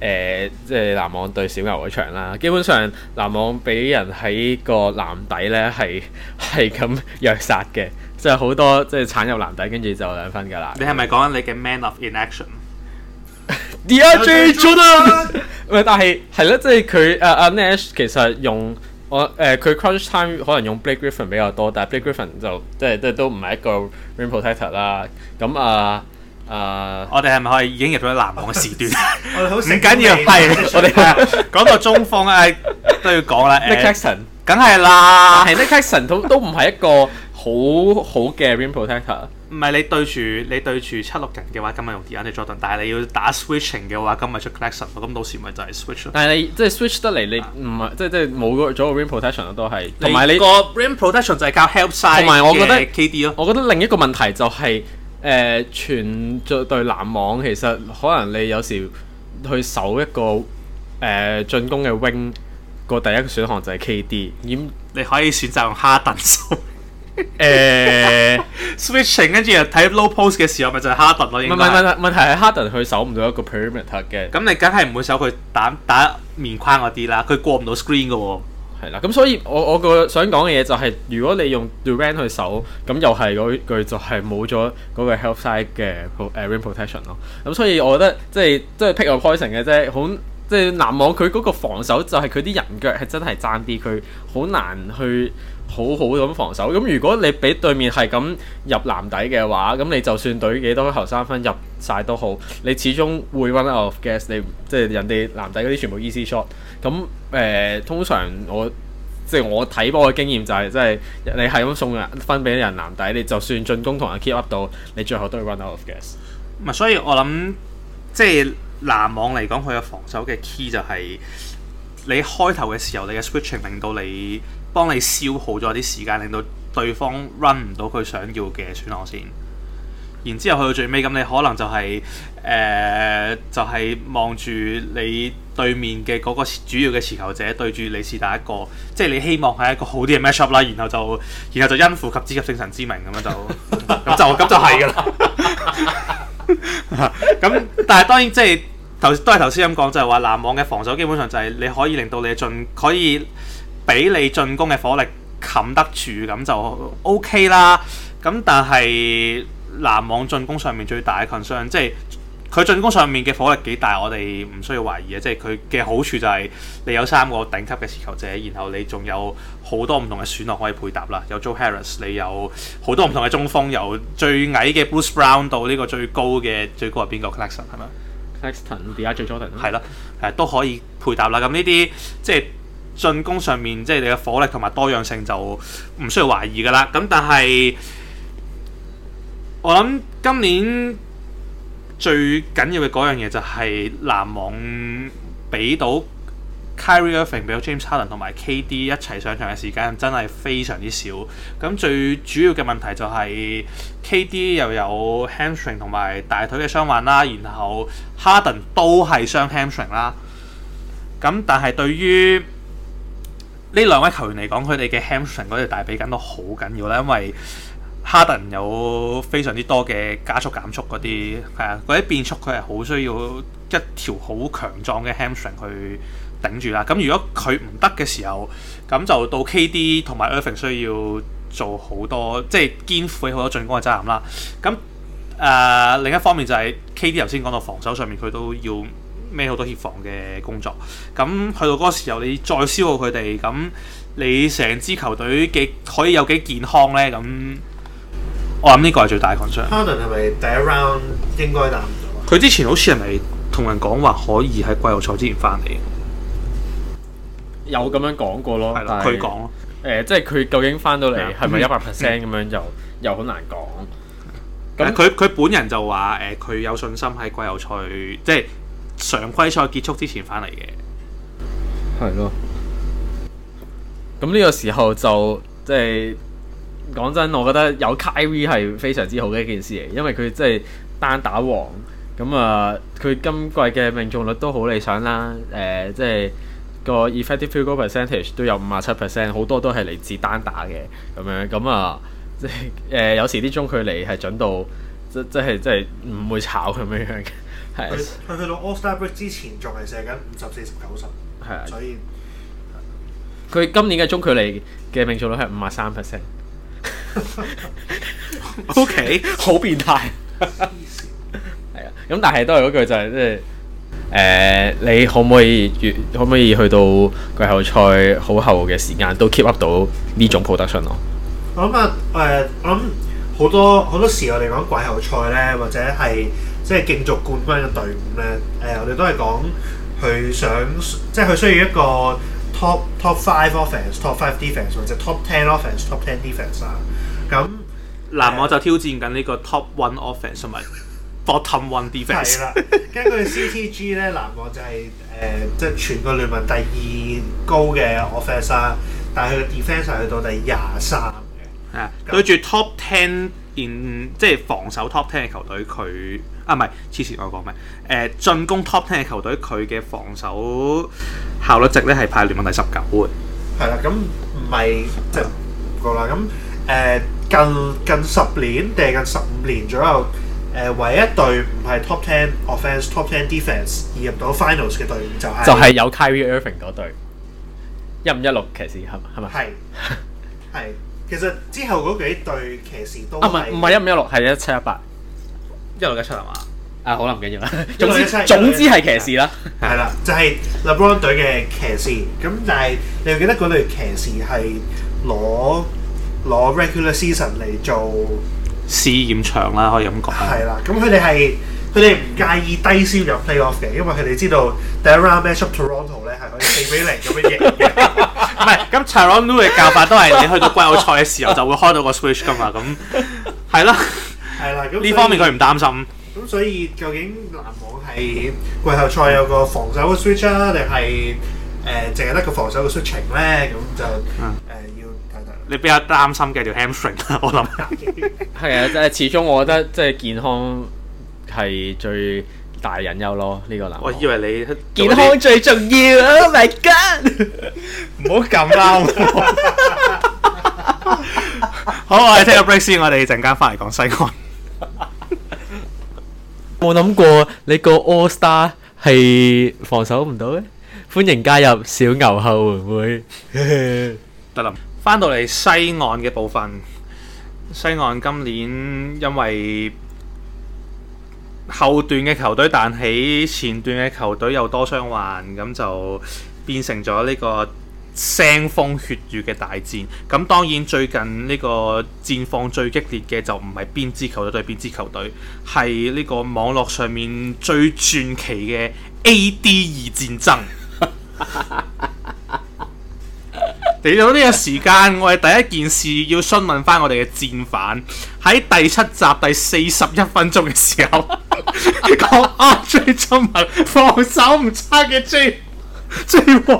誒即係籃網對小牛嘅場啦。基本上籃網俾人喺個籃底咧係係咁虐殺嘅。即係好多即係產入籃底，跟住就兩分㗎啦。你係咪講緊你嘅 Man of Inaction？DJ Jordan 喂，但係係啦，即係佢啊啊 Nash 其實用我誒、啊、佢、啊、Crunch Time 可能用 Blake Griffin 比較多，但 Blake Griffin 就即係即係都唔係一個 rim protector 啦。咁啊啊，啊我哋係咪可以已經入到籃網時段？唔 緊要，係我哋講到中鋒啊 都要講啦。梗係啦，但係 Claxton 都都唔係一個好好嘅 rim protector。唔係你對住你對住七六人嘅話，今日用 DeAndre Jordan，但係你要打 switching 嘅話，今日出 Claxton 咯。咁到時咪就係 switch 咯。但係你即係 switch 得嚟，你唔係、啊、即係即係冇咗個 rim protection 都係。同埋、嗯、你個 rim protection 就係靠 help side 同埋我覺得 KD 咯。KD 哦、我覺得另一個問題就係、是、誒、呃、全著對籃網，其實可能你有時去守一個誒、呃、進攻嘅 wing。我第一個選項就係 KD，咁你可以選擇用 Harden 守誒、欸、 ，switching 跟住又睇 low post 嘅時候咪就係 Harden 咯。唔係唔係問題係 Harden 佢守唔到一個 perimeter 嘅，咁你梗係唔會守佢打打面框嗰啲啦，佢過唔到 screen 噶、喔。係啦，咁所以我我個想講嘅嘢就係，如果你用 Durant 去守，咁又係嗰句就係冇咗嗰個 help side 嘅誒 rim protection 咯。咁所以我覺得即係即係 pick a poison 嘅啫，好。即係籃網佢嗰個防守就係佢啲人腳係真係爭啲，佢好難去好好咁防守。咁如果你俾對面係咁入籃底嘅話，咁你就算隊幾多投三分入晒都好，你始終會 run out of gas。你即係人哋籃底嗰啲全部 easy shot。咁、呃、誒，通常我即係我睇波嘅經驗就係、是，即係你係咁送分人分俾人籃底，你就算進攻同人 keep up 到，你最後都會 run out of gas。所以我諗即係。籃網嚟講，佢嘅防守嘅 key 就係、是、你開頭嘅時候，你嘅 switching 令到你幫你消耗咗啲時間，令到對方 run 唔到佢想要嘅選項線。然之後去到最尾，咁你可能就係、是、誒、呃，就係、是、望住你對面嘅嗰個主要嘅持球者對住你是第一個，即係你希望係一個好啲嘅 match up 啦。然後就，然後就因父及子及聖神之名咁樣就，咁 就咁就係噶啦。咁， 但係當然即係。頭都係頭先咁講，就係話籃網嘅防守基本上就係你可以令到你進，可以俾你進攻嘅火力冚得住，咁就 OK 啦。咁但係籃網進攻上面最大嘅 concern，即係佢進攻上面嘅火力幾大，我哋唔需要懷疑嘅。即係佢嘅好處就係你有三個頂級嘅持球者，然後你仲有好多唔同嘅選項可以配搭啦。有 Joe Harris，你有好多唔同嘅中鋒，由最矮嘅 Bruce Brown 到呢個最高嘅，最高係邊個？Collection 係咪？t e 最中意。係啦，誒都可以配搭啦。咁呢啲即係進攻上面，即係你嘅火力同埋多樣性就唔需要懷疑噶啦。咁但係我諗今年最緊要嘅嗰樣嘢就係籃網俾到，Kyrie Irving 俾 James Harden 同埋 KD 一齊上場嘅時間真係非常之少。咁最主要嘅問題就係、是、KD 又有 hamstring 同埋大腿嘅傷患啦，然後 Harden 都係傷 hamstring 啦。咁但係對於呢兩位球員嚟講，佢哋嘅 hamstring 嗰條大髀筋都好緊要啦，因為 Harden 有非常之多嘅加速減速嗰啲係啊，啲變速佢係好需要一條好強壯嘅 hamstring 去頂住啦！咁如果佢唔得嘅時候，咁就到 KD 同埋 Irving 需要做好多，即係肩負起好多進攻嘅責任啦。咁誒、呃、另一方面就係 KD 頭先講到防守上面，佢都要孭好多協防嘅工作。咁去到嗰個時候，你再消耗佢哋，咁你成支球隊嘅可以有幾健康咧？咁我諗呢個係最大 concern。哈登係咪第一 round 應該打唔到？佢之前好似係咪同人講話可以喺季後賽之前翻嚟？有咁樣講過咯，佢講，誒，即係佢究竟翻到嚟係咪一百 percent 咁樣，就又好難講。咁佢佢本人就話，誒、呃，佢有信心喺季後賽，即係常規賽結束之前翻嚟嘅。係咯。咁呢個時候就即係講真，我覺得有 Kyrie 係非常之好嘅一件事嚟，因為佢即係單打王，咁啊，佢、呃、今季嘅命中率都好理想啦，誒、呃，即係。個 effective field goal percentage 都有五啊七 percent，好多都係嚟自單打嘅咁樣咁啊，即係誒、呃、有時啲中距離係準到即即係即係唔會炒咁樣樣嘅。係佢佢去到 all star、Break、之前仲係射緊五十四十九十，係啊，所以佢、啊、今年嘅中距離嘅命中率係五啊三 percent，ok 好變態， 係啊、就是，咁但係都係嗰句就係即係。誒，uh, 你可唔可以越可唔可以去到季後賽好後嘅時間都 keep up 到呢種 production 咯？我諗啊，誒，我諗好多好多時我哋講季後賽咧，或者係即係競逐冠軍嘅隊伍咧，誒、呃，我哋都係講佢想即係佢需要一個 top top five offense top five defense 或者 top ten offense top ten defense 啊。咁、嗯、嗱，那呃、我就挑戰緊呢個 top one offense 同埋。Bottom one defence 係啦， 根據 CTG 咧， 籃網就係、是、誒，即、呃、係、就是、全個聯盟第二高嘅 offence 啦。但係佢嘅 defence 係去到第廿三嘅。係啊，那對住 top ten in 即係防守 top ten 嘅球隊，佢啊唔係之前我講咩？誒、呃、進攻 top ten 嘅球隊，佢嘅防守效率值咧係排聯盟第十九嘅。係啦，咁唔係即係唔該啦。咁誒、呃、近近十年定係近十五年左右？誒，唯一隊唔係 top ten offense top ten defence 而入到 finals 嘅隊伍就係就係有 Kyrie Irving 嗰隊一五一六騎士係咪？係係，其實之後嗰幾隊騎士都唔係唔係一五一六，係一七一八一路嘅出係嘛？啊好啦唔緊要啦，總之總之係騎士啦，係啦就係、是、LeBron 隊嘅騎士咁，但係你記得嗰隊騎士係攞攞 regular season 嚟做。試驗場啦，可以咁講。係啦，咁佢哋係佢哋唔介意低燒入 playoff 嘅，因為佢哋知道第一 round match up Toronto 咧係可以四比零咁樣贏嘅。唔係， 咁 Tyronn Lue 嘅教法都係你去到季後賽嘅時候就會開到個 switch 噶嘛，咁係啦，係啦， 呢方面佢唔擔心。咁所，所以究竟籃網係季後賽有個防守嘅 switch 啊，定係誒淨係得個防守嘅 switching 咧，啊？咁就誒。嗯你比較擔心嘅條 hamstring 啊，我諗係啊，即係始終我覺得即係健康係最大隱憂咯。呢個男，我以為你健康最重要。Oh my god！唔好咁啦，好，我哋聽個 break 先，我哋陣間翻嚟講西岸。冇諗過你個 all star 係防守唔到嘅，歡迎加入小牛後會唔會？得啦。翻到嚟西岸嘅部分，西岸今年因為後段嘅球隊彈起，前段嘅球隊又多傷患，咁就變成咗呢個腥風血雨嘅大戰，咁當然最近呢個戰況最激烈嘅就唔係邊支球隊對邊支球隊，係呢個網絡上面最傳奇嘅 AD 二戰爭。 嚟到呢個時間，我係第一件事要詢問翻我哋嘅戰犯喺第七集第四十一分鐘嘅時候，你講 啊，J 中文防守唔差嘅 J J 王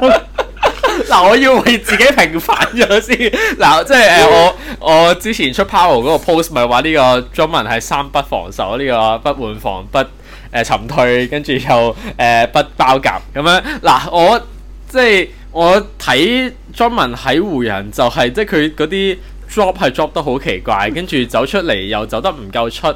嗱，我要為自己平反咗先嗱，即係誒、呃、我我之前出 Power 嗰個 post 咪話呢個中文係三不防守呢、呢個不換防不誒、呃、沉退，跟住又誒、呃、不包夾咁樣嗱，我即係。我睇 Drummond 喺湖人就係、是、即係佢嗰啲 drop 係 drop 得好奇怪，跟住走出嚟又走得唔夠出，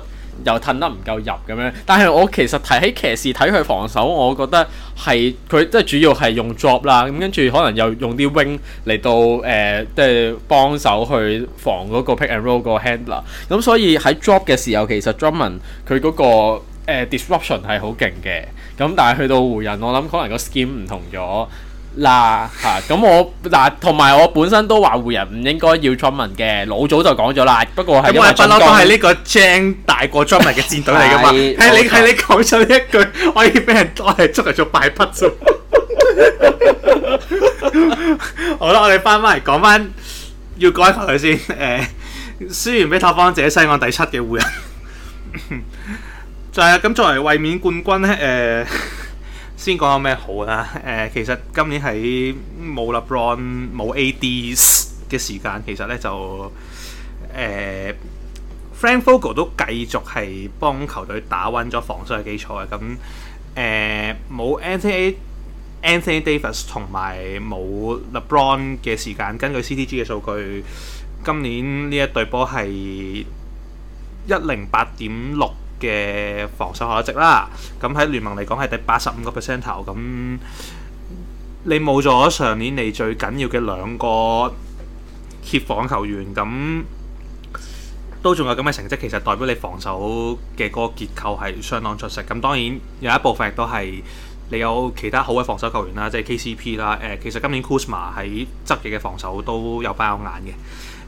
又褪得唔夠入咁樣。但係我其實提起騎士睇佢防守，我覺得係佢即係主要係用 drop 啦，咁跟住可能又用啲 wing 嚟到誒，即、呃、係、就是、幫手去防嗰個 pick and roll 個 handler。咁所以喺 drop 嘅時候，其實 Drummond 佢嗰個、呃、disruption 係好勁嘅。咁但係去到湖人，我諗可能個 scheme 唔同咗。嗱，嚇咁我嗱，同埋我本身都話湖人唔應該要 Drummond 嘅，老早就講咗啦。不過係因為不嬲都係呢個 James 大過 Drummond 嘅戰隊嚟噶嘛。係你係你講咗呢一句，可以俾人攞出嚟做敗筆啫。好啦，我哋翻翻嚟講翻，要講一球佢先。誒，輸完俾拓荒者西岸第七嘅湖人，就係咁。作為衛冕冠軍咧，誒。先講下咩好啦，誒、呃、其實今年喺冇 LeBron、冇 ADs 嘅時間，其實咧就誒、呃、Frank Vogel 都繼續係幫球隊打穩咗防守嘅基礎啊。咁誒冇 Anthony a Davis 同埋冇 LeBron 嘅時間，根據 CTG 嘅數據，今年呢一隊波係一零八點六嘅防守效率值啦，咁喺聯盟嚟講係第八十五個 percent 頭，咁你冇咗上年嚟最緊要嘅兩個協防球員，咁都仲有咁嘅成績，其實代表你防守嘅嗰個結構係相當出色。咁當然有一部分亦都係你有其他好嘅防守球員啦，即係 KCP 啦，誒、呃，其實今年 Kuzma 喺側翼嘅防守都有爆眼嘅。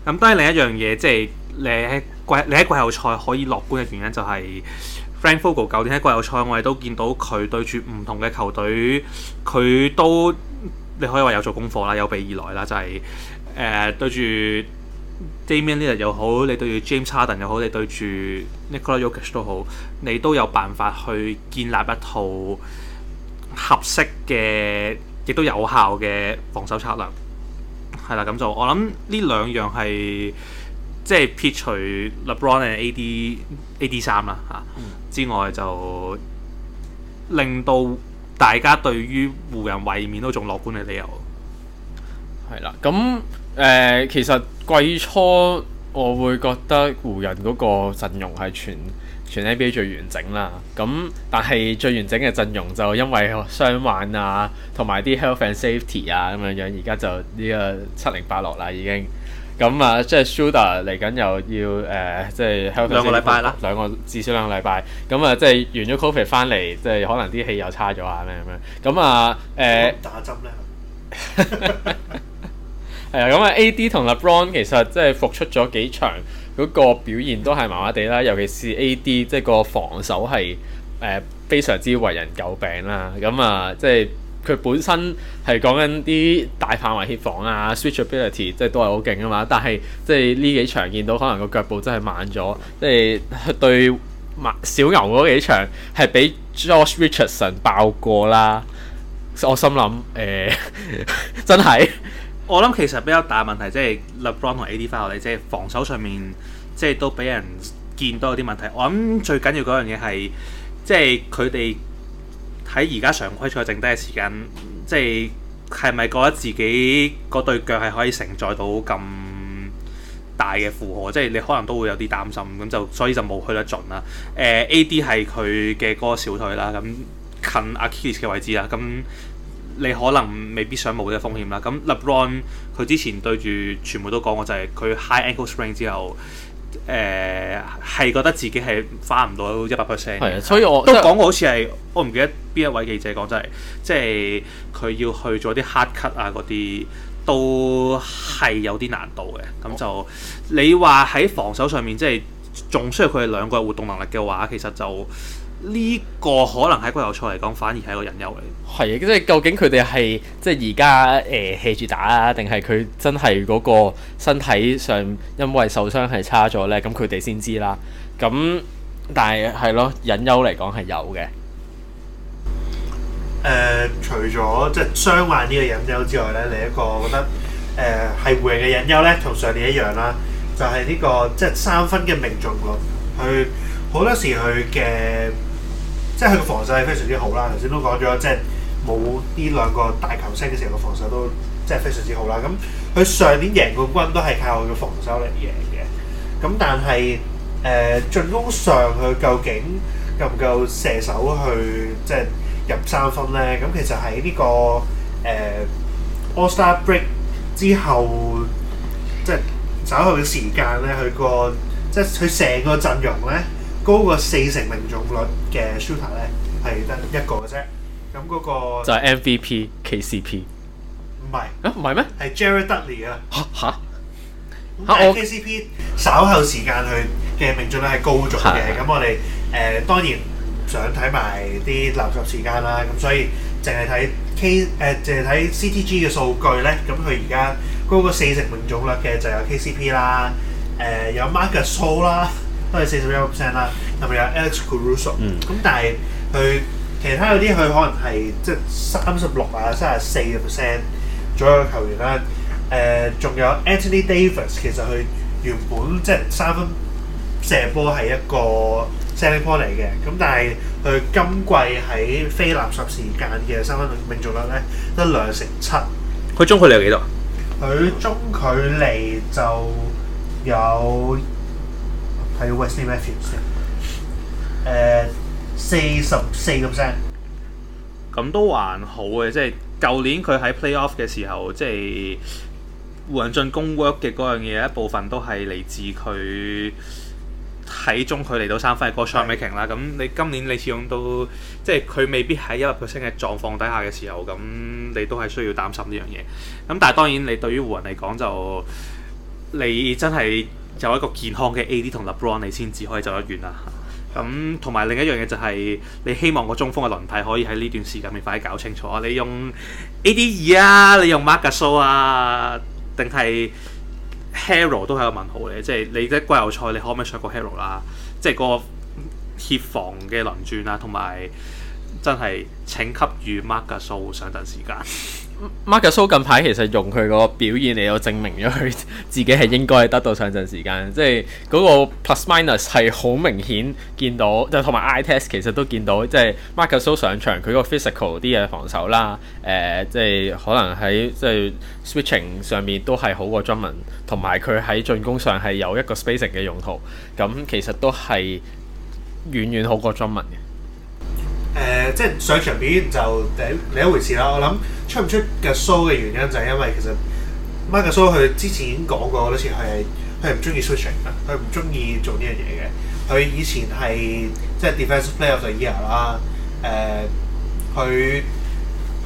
咁當然另一樣嘢，即係你喺季你喺季後賽可以樂觀嘅原因，就係 Frank Vogel 舊年喺季後賽，我哋都見到佢對住唔同嘅球隊，佢都你可以話有做功課啦，有備而來啦。就係、是、誒、呃、對住 Damian Lillard 又好，你對住 James Harden 又好，你對住 Nikola Jokic、ok、都好，你都有辦法去建立一套合適嘅，亦都有效嘅防守策略。係啦，咁就我諗呢兩樣係即係撇除 LeBron 同 AD AD 三啦嚇，啊嗯、之外就令到大家對於湖人衛冕都仲樂觀嘅理由。係啦，咁誒、呃、其實季初我會覺得湖人嗰個陣容係全全 NBA 最完整啦，咁但係最完整嘅陣容就因為傷患啊，同埋啲 health and safety 啊咁樣樣，而家就呢個七零八落啦已經。咁啊，即係 Suda 嚟緊又要誒、呃，即係兩個禮拜啦，兩個至少兩個禮拜。咁啊，即係完咗 COVID 翻嚟，即係可能啲氣又差咗啊咩咁樣。咁啊誒，打針咧。係啊、 嗯，咁、嗯、啊，AD 同 LeBron 其實即係復出咗幾場。嗰個表現都係麻麻地啦，尤其是 AD，即係個防守係誒、呃、非常之為人詬病啦。咁啊，即係佢本身係講緊啲大範圍協防啊，Switchability 即係都係好勁啊嘛。但係即係呢幾場見到可能個腳步真係慢咗，即係對小牛嗰幾場係畀 Josh Richardson 爆過啦。我心諗誒、呃、 真係。我諗其實比較大問題即係 LeBron 同 AD 翻嚟，即係防守上面即係都俾人見到有啲問題。我諗最緊要嗰樣嘢係，即係佢哋喺而家常規賽剩低嘅時間，即係係咪覺得自己嗰對腳係可以承載到咁大嘅負荷？即係你可能都會有啲擔心，咁就所以就冇去得盡啦。誒，AD 係佢嘅嗰個小腿啦，咁近 Achilles 嘅位置啦，咁。你可能未必想冒呢個風險啦。咁 LeBron 佢之前對住傳媒都講過、就是，就係佢 high ankle sprain 之後，誒、呃、係覺得自己係花唔到一百 percent。係啊，所以我都講過好似係，嗯、我唔記得邊一位記者講真係，即係佢要去咗啲 hard cut 啊嗰啲，都係有啲難度嘅。咁就你話喺防守上面，即係仲需要佢哋兩個人活動能力嘅話，其實就。呢個可能喺國油賽嚟講，反而係一個隱憂嚟。係啊，即係究竟佢哋係即係而家誒 hea 住打啊，定係佢真係嗰個身體上因為受傷係差咗咧？咁佢哋先知啦。咁但係係咯，隱憂嚟講係有嘅。誒、呃，除咗即係傷患呢個隱憂之外咧，另一個我覺得誒係湖人嘅隱憂咧，同上年一樣啦，就係、係、呢、呢個即係、就係、三分嘅命中率，佢好多時佢嘅。即係佢個防守係非常之好啦，頭先都講咗，即係冇呢兩個大球星嘅時候，個防守都即係非常之好啦。咁佢上年贏冠軍都係靠佢嘅防守嚟贏嘅。咁但係誒、呃、進攻上佢究竟夠唔夠射手去即係入三分咧？咁其實喺呢、這個誒、呃、All Star Break 之後，即係走後嘅時間咧，佢個即係佢成個陣容咧。高過四成命中率嘅 shooter 咧，係得一個嘅啫不是、啊。咁嗰個就係 MVP KCP，唔係啊唔係咩？係 Jared Dudley 啊吓？嚇嚇我 KCP 稍後時間佢嘅命中率係高咗嘅哈。咁我哋誒、呃、當然想睇埋啲垃圾時間啦。咁所以淨係睇 K 誒、呃、淨係睇 CTG 嘅數據咧。咁佢而家高過四成命中率嘅就有 KCP 啦，誒、呃、有 Marcus Shaw 啦。都係四十幾 percent 啦，同埋有 Alex Caruso，咁但係佢其他有啲佢可能係即係三十六啊、三十四個 percent 左右球員啦。誒，仲有 Anthony Davis，其實佢原本即係三分射波係一個三分波嚟嘅，咁但係佢今季喺非垃圾時間嘅三分命中率咧得兩成七。佢中距離係幾多？佢中距離就有。係 West 四十四個 percent，咁都還好嘅，即係舊年佢喺 Playoff 嘅時候，即係湖人進攻 work 嘅嗰樣嘢，一部分都係嚟自佢睇中佢嚟到三分嘅 court shooting 啦。咁你今年你始終都即係佢未必喺一百 percent 嘅狀況底下嘅時候，咁你都係需要擔心呢樣嘢。咁但係當然你對於湖人嚟講就你真係。就一個健康嘅 A.D. 同 LeBron，你先至可以走得遠啦。咁同埋另一樣嘢就係、是，你希望個中鋒嘅輪替可以喺呢段時間面快啲搞清楚。你用 A.D. 二啊，你用 Marc Gasol 啊，定係 Hero 都係個問號咧。即係你喺季後賽，你可唔可以上個 Hero 啊？即係嗰個協防嘅輪轉啊，同埋真係請給予 Marc Gasol 上陣時間。Marc Gasol 近排，其實用佢嗰個表現嚟，又證明咗佢自己係應該係得到上陣時間，即係嗰個 plus minus 係好明顯見到，就同埋 eye test 其實都見到，即係 Marc Gasol 上場佢嗰個 physical 啲嘅防守啦，誒、呃，即係可能喺即係 switching 上面都係好過 Drummond，同埋佢喺進攻上係有一個 spacing 嘅用途，咁其實都係遠遠好過 Drummond 誒、呃，即係上場面就另一回事啦。我諗出唔出嘅 Gasol 嘅原因就係因為其實 Marc Gasol 佢之前已經講過好多次，係佢唔中意 switching，佢唔中意做呢樣嘢嘅。佢以前係即係 defensive player of the year 啦，誒，佢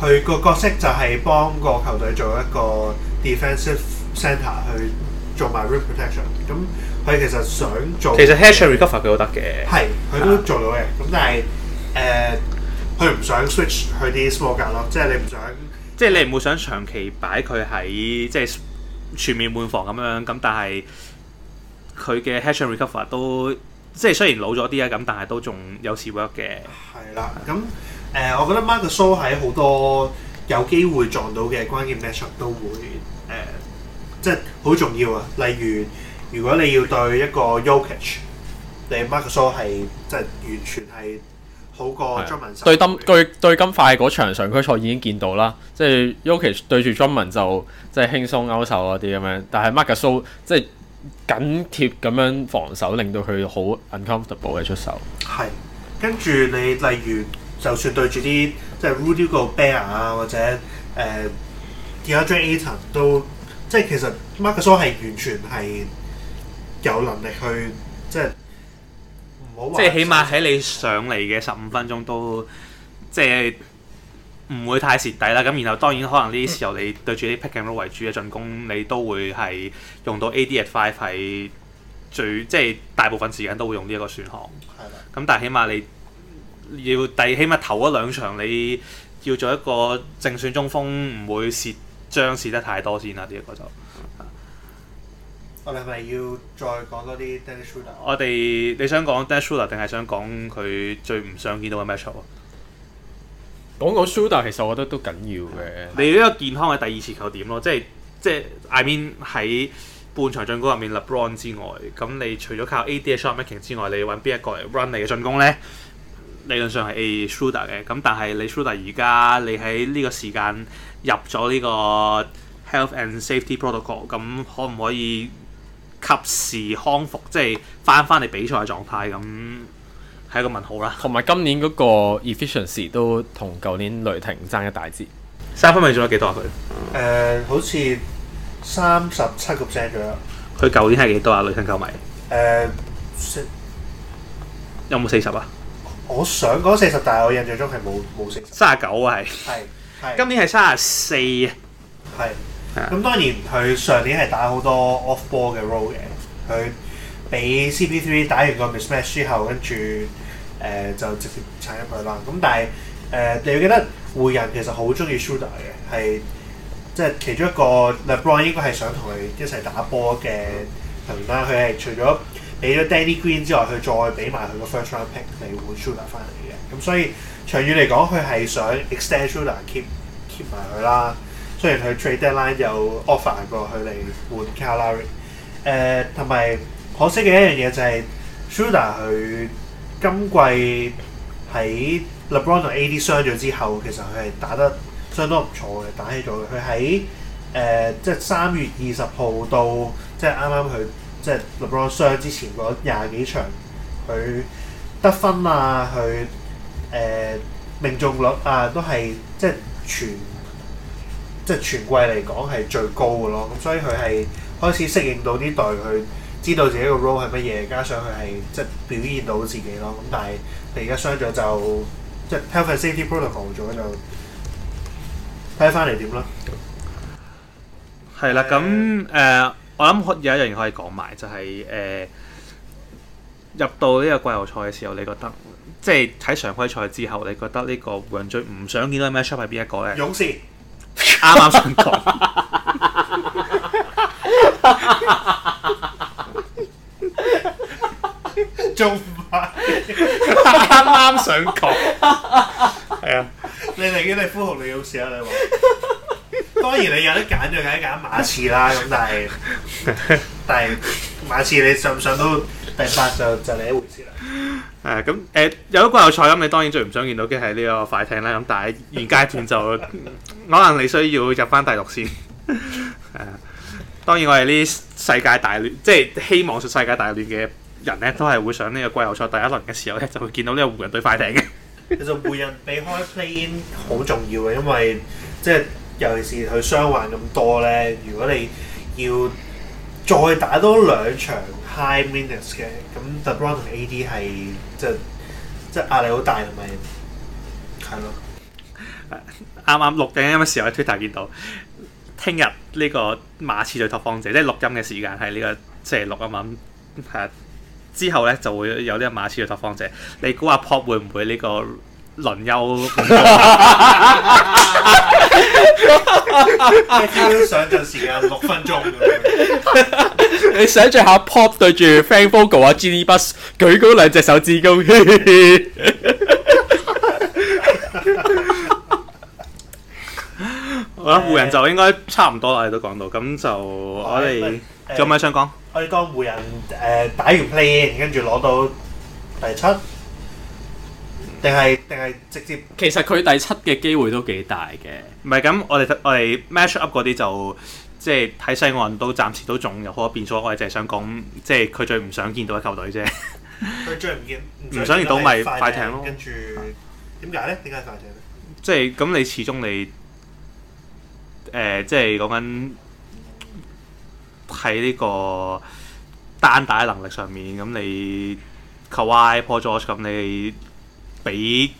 佢個角色就係幫個球隊做一個 defensive centre 去做埋 rim protection。咁佢其實想做，其實 hedge recover 都得嘅，係佢都做到嘅。咁的但係。誒，佢唔、呃、想 switch 佢啲 small 格咯，即係你唔想，即係你唔會想長期擺佢喺即係全面換防咁樣咁，但係佢嘅 hedge and recover 都即係雖然老咗啲啊，咁但係都仲有時 work 嘅。係啦，咁誒、呃，我覺得 Marcus Morris 喺好多有機會撞到嘅關鍵 matchup 都會誒，呃、即係好重要啊！例如，如果你要對一個 Jokic，ok、你 Marcus Morris 係即係完全係。好過張文秀。對金對對金塊嗰場常規賽已經見到啦，即係 Jokic 對住 Drummond 就即係、就是、輕鬆勾手嗰啲咁樣，但係 Marc Gasol 即係緊貼咁樣防守，令到佢好 uncomfortable 嘅出手。係，跟住你例如就算對住啲即係 Rudy Gobert 啊，或者誒，Deandre Ayton 都即係其實 Marc Gasol 係完全係有能力去即係。即係起碼喺你上嚟嘅十五分鐘都，即係唔會太蝕底啦。咁然後當然可能呢啲時候你對住啲 pick and roll 為主嘅進攻，你都會係用到 AD at five 係最即係大部分時間都會用呢一個選項。咁吧但係起碼你要第起碼頭嗰兩場你要做一個正選中鋒，唔會蝕將蝕得太多先啦。呢、這、一個就。我哋係咪要再講多啲我哋你想講 dashruda 定係想講佢最唔想見到嘅 metric 講講 suda 其實我覺得都緊要嘅是你呢個健康嘅第二次球點咯即係即係 i mean 喺半場進攻入面 lebron 之外咁你除咗靠 ad 嘅 shot making 之外你揾邊一個嚟 run 你嘅進攻咧理論上係 a suda 嘅咁但係你 suda 而家你喺呢個時間入咗呢個 health and safety protocol 咁可唔可以及時康復，即係翻翻嚟比賽嘅狀態，咁係一個問號啦。同埋今年嗰個 efficiency 都同舊年雷霆爭一大截。三分米仲有幾多啊？佢誒、呃，好似三十七個 percent 左右。佢舊年係幾多啊？雷霆球迷誒，呃、有冇四十啊？我想講四十，但係我印象中係冇冇四十。三啊九啊，係係係，今年係三啊四啊，係。咁當然佢上年係打好多 off ball 嘅 role 嘅，佢俾 CP3 打完個 miss match 之後，跟住誒、呃、就直接踩入去啦。咁但係誒、呃、你要記得，湖人其實好中意 Shooter 嘅，係即係其中一個 LeBron 應該係想同佢一齊打波嘅人員啦。佢係、嗯、除咗俾咗 Danny Green 之外，佢再俾埋佢個 first round pick 嚟換 Shooter 翻嚟嘅。咁所以長遠嚟講，佢係想 extend Shooter keep keep 埋佢啦。雖然佢 trade deadline 有 offer 過佢嚟換 Kyle Lowry，誒同埋可惜嘅一樣嘢就係 Schröder 佢今季喺 LeBron A.D. 傷咗之後，其實佢係打得相當唔錯嘅，打起咗佢喺誒即係三月、就是剛剛就是、二十號到即係啱啱佢即係 LeBron 傷之前嗰廿幾場，佢得分啊，佢誒、呃、命中率啊，都係即係全。即係全季嚟講係最高嘅咯，咁所以佢係開始適應到啲代，佢知道自己個 role 係乜嘢，加上佢係即係表現到自己咯。咁但係佢而家傷咗就即係 health and safety protocol 咗就睇翻嚟點咯。係啦，咁誒、呃呃，我諗有一樣嘢可以講埋就係、是、誒、呃、入到呢個季後賽嘅時候，你覺得即係睇常規賽之後，你覺得呢個湖人最唔想見到嘅 matchup 係邊一個咧？勇士。啱啱想講，仲唔快。啱啱想講，係啊。你嚟嘅係富豪嚟嘅事啊，你話。 當然你有得揀就梗係揀馬刺啦，咁但係但係馬刺你上唔上都第八就就另一回事啦。誒咁誒有咗季後賽咁，你當然最唔想見到嘅係呢個快艇啦。咁但係現階段就 可能你需要入翻第六先。誒、啊，當然我哋呢世界大亂，即係希望世界大亂嘅人呢，都係會上呢個季後賽第一輪嘅時候呢，就會見到呢個湖人對快艇嘅。 其實湖人避開 play in 好重要嘅，因為即係。尤其是佢傷患咁多咧，如果你要再打多兩場 high minutes 嘅，咁 The r 德隆同 AD 係，即係即係壓力好大，同埋係咯，啱啱錄，錄音嘅時候喺 Twitter 見到，聽日呢個馬刺對拓荒者，即係錄音嘅時間係呢個星期六剛剛啊嘛，係之後咧就會有啲馬刺對拓荒者，你估阿、啊、Pop 會唔會呢、呢個？輪休，只要上陣時間六分鐘， 你想住下 Pop 對住 Frank Vogel 啊 Jeebus 舉高兩隻手指公，好啦，湖人就應該差唔多啦，你都講到，咁就我哋仲有咩想講，呃？我哋當湖人誒、呃、打完 play，跟住攞到第七。定係定係直接，其實佢第七嘅機會都幾大嘅。唔係咁，我哋我哋 match up 嗰啲，就即係睇西岸都暫時都仲有好多變數。我哋淨係想講，即係佢最唔想見到嘅球隊啫。佢最唔見唔 想見到咪快艇咯？跟住點解咧？點解快艇咧？即係咁，你始終你誒即係講緊喺呢個單打能力上面，咁你 Kawhi 同 Paul George 咁你。俾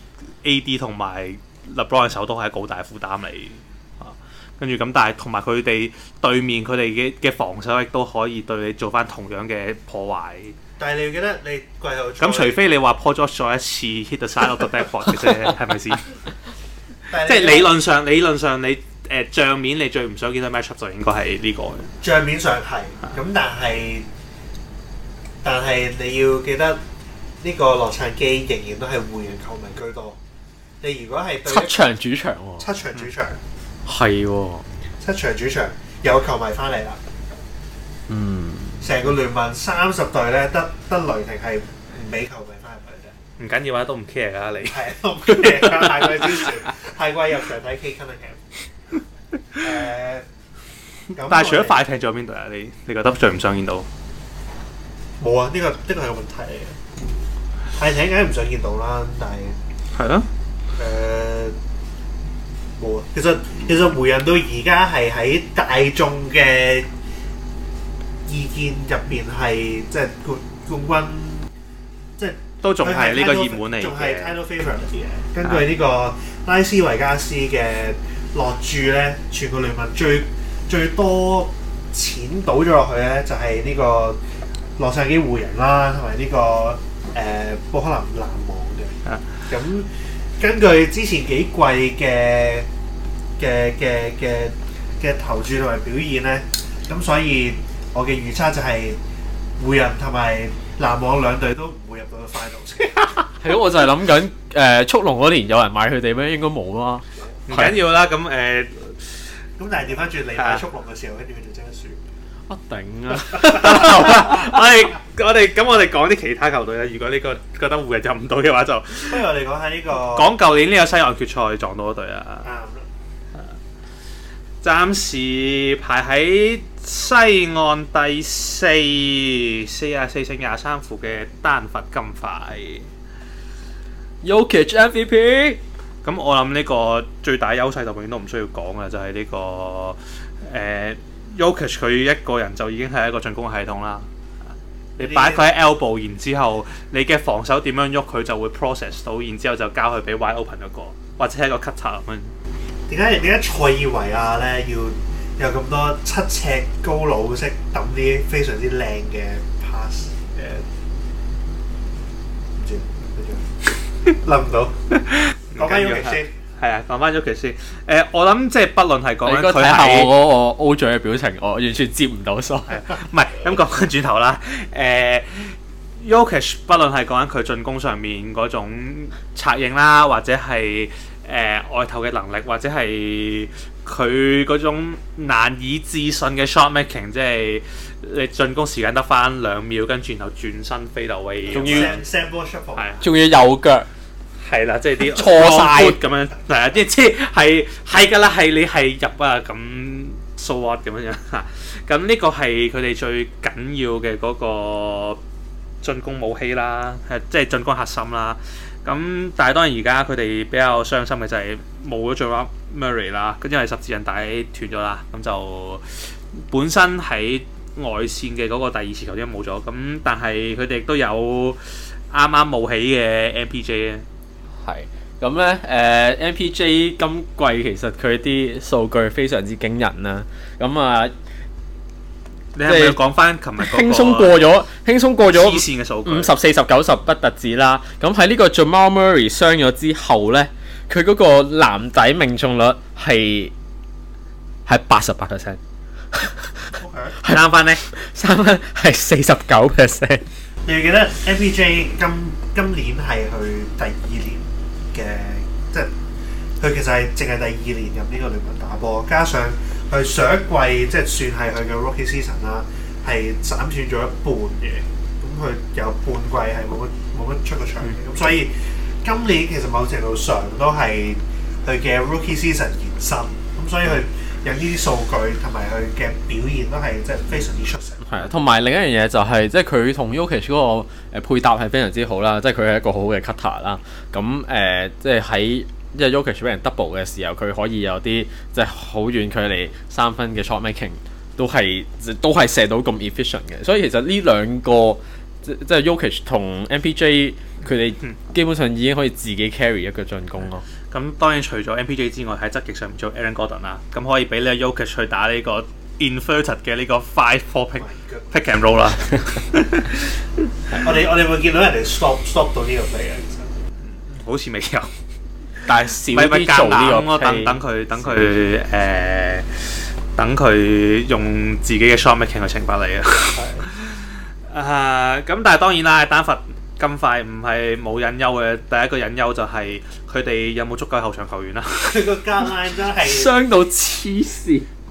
A.D. 同埋 LeBron 嘅手都係一個好大負擔嚟，啊，跟住咁，但係同埋佢哋對面佢哋嘅嘅防守亦都可以對你做翻同樣嘅破壞。但係你要記得，你季後咁除非你話破咗再一次 hit the side of the backboard 嘅啫，係咪先？即係理論上，理論上你誒帳面你最唔想見到 match 就應該係呢個帳面上係，咁但係但係你要記得。呢個洛杉磯仍然都係湖人球迷居多。你如果係對七場主場，七場主場係喎，七場主場有球迷翻嚟啦。嗯，成個聯盟三十隊咧，得得雷霆係唔俾球迷翻入去啫。唔緊要啊，都唔 care 噶你。係唔 care，太貴之前，太貴入場睇 K Cunningham。誒，但係除咗快艇仲有邊隊啊？你你覺得最唔想見到？冇啊！呢個呢個係個問題嚟嘅。係，你梗係唔想見到啦。但係，係咯的。誒，冇啊。其實其實湖人到而家係喺大眾嘅意見入邊係即係冠冠軍，即係都仲係呢個熱門嚟嘅。仲係 title favorite 嘅。根據呢個拉斯維加斯嘅落注咧，全個聯盟最最多錢倒咗落去咧，就係、是、呢個洛杉磯湖人啦、啊，同埋呢個。誒，波克林籃網嘅。咁根據之前幾季嘅嘅嘅嘅嘅投注同埋表現咧，咁所以我嘅預測就係湖人同埋籃網兩隊都唔會入到去 final。係咯，我就係諗緊誒，速龍嗰年有人買佢哋咩？應該冇囉，唔緊要啦。咁誒，咁但係調翻轉嚟買速龍嘅時候咧點？頂啊！ 我哋我哋咁我哋講啲其他球隊啦。如果呢個覺得湖人入唔到嘅話就，就不如我哋講下呢、這個講舊年呢個西岸決賽撞到一隊啊，啱啦、嗯。暫時排喺西岸第四，四啊四勝廿三負嘅丹佛金塊。Jokic MVP、嗯。咁我諗呢個最大優勢就永遠都唔需要講噶，就係、是、呢、這個誒。呃 Jokic、ok、佢一個人就已經係一個進攻系統啦。你擺佢喺 elbow，然之後你嘅防守點樣喐佢就會 process 到，然之後就交去俾 wide open 嗰個，或者係一個 cutter 咁樣。點解點解塞爾維亞呢要有咁多七尺高佬識揼啲非常之靚嘅 pass？誒唔知，諗唔到。咁 係啊，放翻咗佢先。誒、ok 呃，我諗即係不論係講緊佢係，你嗰 個 O 嘴嘅表情，我完全接唔到，所以， 唔係咁講翻轉頭啦。誒、呃、Jokic 不論係講緊佢進攻上面嗰種策應啦，或者係誒、呃、外投嘅能力，或者係佢嗰種難以置信嘅 shot making，即係你進攻時間得翻兩秒，跟住然後轉身 fade away，仲要，波 s 仲要右腳。係啦，即係啲錯晒了。咁樣，係啊，即係即係係係噶啦，係你係入啊咁 so what 咁樣樣嚇。咁呢個係佢哋最緊要嘅嗰個進攻武器啦，即係進攻核心啦。咁但係當然而家佢哋比較傷心嘅就係冇咗 Jamal Murray 啦，因為十字韌帶斷咗啦。咁就本身喺外線嘅嗰個第二次球已經冇咗，咁但係佢哋都有啱啱冒起嘅 M P J 係咁咧，誒，MPJ 今季其實佢啲數據非常之驚人啦。咁啊，你係咪要講翻琴日？輕鬆過咗，輕鬆過咗黐線嘅數據，五十四、十九十不特止啦。咁喺呢個 Jamal Murray 傷咗之後咧，佢嗰個籃底命中率係係八十八 percent，係三分咧，三分係四十九 percent。你記得 MPJ 今今年係去第二年。嘅，即係佢其實係淨係第二年入呢個聯盟打波，加上佢上一季即係算係佢嘅 Rookie season 啦，係斬斷咗一半嘅，咁佢有半季係冇乜冇乜出過場嘅，咁所以今年其實某程度上都係佢嘅 Rookie season 延伸，咁所以佢有呢啲數據同埋佢嘅表現都係即係非常之出色。同埋另一樣嘢就係、是，即係佢同 Yokich、ok、嗰個配搭係非常之好啦，即係佢係一個好好嘅 cutter 啦。咁、呃、誒，即係喺即係 Yokich、ok、俾人 double 嘅時候，佢可以有啲即係好遠距離三分嘅 shot making 都係都係射到咁 efficient 嘅。所以其實呢兩個即即係 Yokich、ok、同 MPJ，佢哋基本上已經可以自己 carry 一個進攻咯。咁、嗯嗯、當然除咗 MPJ 之外，喺側翼上邊做 Aaron Gordon 啦，咁可以俾呢個 Yokich、ok、去打呢、這個。Inverted 嘅呢個 five four pick pick and roll 啦，我哋我哋會見到人哋 stop stop 到呢個 play 啊，好似未有，但係少啲做呢個 play，等等佢等佢誒等佢用自己嘅 shotmaking 去懲罰你啊，啊咁！但係當然啦，丹佛金塊唔係冇隱憂嘅，第一個隱憂就係佢哋有冇足夠後場球員啦，個格蘭真係傷到黐線。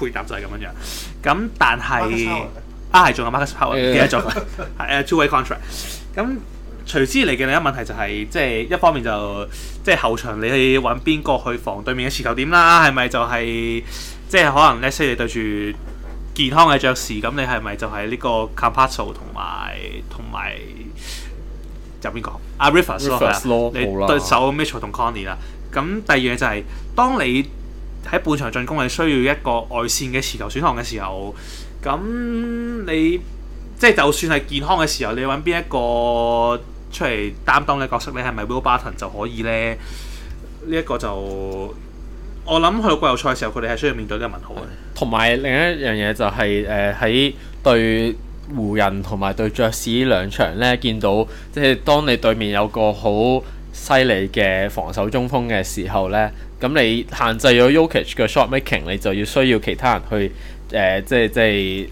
配搭就係咁樣樣，咁但係 Powell 啊係仲有 Marcus Powell 記得咗佢誒 Two-way contract。咁隨之嚟嘅另一問題就係、是，即、就、係、是、一方面就即係、就是、後場你去揾邊個去防對面嘅持球點啦，係咪就係即係可能 Let's say 你對住健康嘅爵士，咁你係咪就係呢個 Campazzo 同埋同埋就邊個阿 r i f u s,、啊、S, Law, 你對手 Mitchell 同吧 Conley 啦。咁第二樣就係、是、當你。喺半場進攻係需要一個外線嘅持球選項嘅時候，咁你即係、就係、就算係健康嘅時候，你揾邊一個出嚟擔當嘅角色你係咪 Will Barton 就可以呢？呢、呢、一個就我諗去到季後賽嘅時候，佢哋係需要面對嘅問號嘅。同埋另一樣嘢就係誒喺對湖人同埋對爵士兩場呢，見到即係當你對面有個好犀利嘅防守中鋒嘅時候呢。咁你限制咗 Jokic 嘅 Shotmaking，你就要需要其他人去誒、呃，即係即係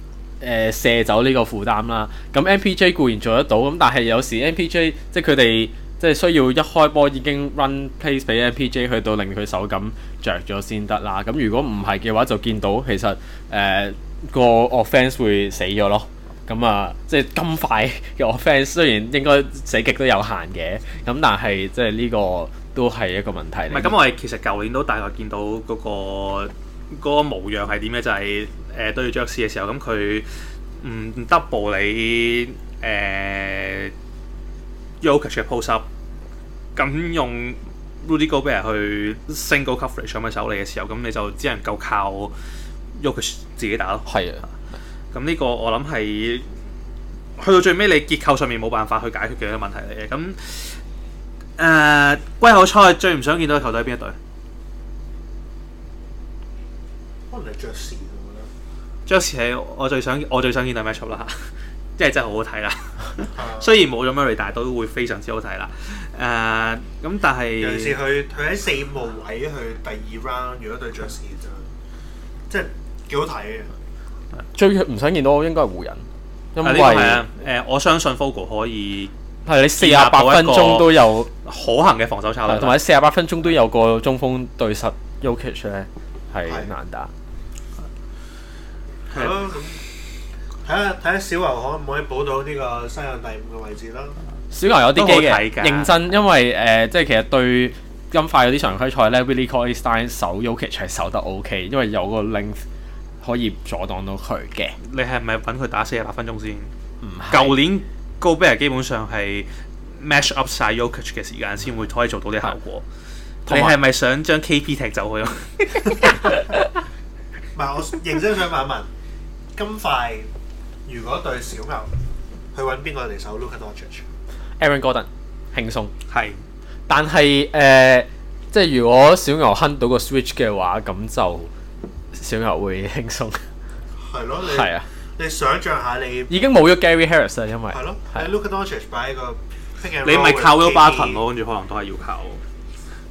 誒卸走呢個負擔啦。咁 MPJ 固然做得到，咁但係有時 MPJ 即係佢哋即係需要一開波已經 run pace 俾 MPJ 去到令佢手感着咗先得啦。咁如果唔係嘅話，就見到其實誒個、呃、offense 會死咗咯。咁啊，即係咁快嘅 offense 雖然應該死極都有限嘅，咁但係即係、這、呢個。都係一個問題。唔係咁， 我哋其實舊年都大概見到嗰、那個那個模樣係點嘅，就係誒對著爵士嘅時候，咁佢唔 double 你誒 Jokic 嘅 post up，咁、呃、 用 Rudy Gobert 去 single coverage 上、嗯、咪手你嘅時候，咁你就只能夠靠 Jokic 自己打咯。係啊的，咁呢 個我諗係去到最尾，你結構上面冇辦法去解決嘅一個問題嚟嘅咁。誒，季、uh, 後賽最唔想見到嘅球隊係邊一隊？可能係爵士啊，我覺得。爵士係我最想我最想見到 matchup 啦， 即係真係好好睇啦。 雖然冇咗 Murray 但係都會非常之好睇啦。誒、uh，咁但係有時佢佢喺四號位去第二 round，如果對爵士嘅陣，即係幾好睇嘅。最唔想見到應該係湖人，因為誒，我相信 Fogo 可以。係你四十八分鐘都有可行嘅防守策略，同埋四十八分鐘都有個中鋒對實 Jokic 咧，係、ok、難打。係咯的，咁睇下睇下小牛可唔可以補到呢個西岸第五嘅位置啦？小牛有啲機嘅，認真，因為誒、呃，即係其實對金塊嗰啲常規賽咧，Willie Cauley-Stein 守 Jokic 係守得 O K，因為有個 length 可以阻擋到佢嘅。你係咪揾佢打四十八分鐘先？唔是，舊年。高比爾基本上係 match up 曬 Jokic 嘅時間先會可以做到啲效果。的你係咪想將 KP 踢走佢啊？唔係，我認真想問一問，咁快？如果對小牛，去揾邊個嚟守 Luka Doncic？Aaron Gordon 輕鬆。係是。但係誒、呃，即係如果小牛揀到個 switch 嘅話，咁就小牛會輕鬆。係咯，你啊。你想象下你，你已經冇咗 Gary Harris 啦，因為係咯，喺是 Luka Doncic 你唔靠 Will 巴咯，跟住可能都係要靠，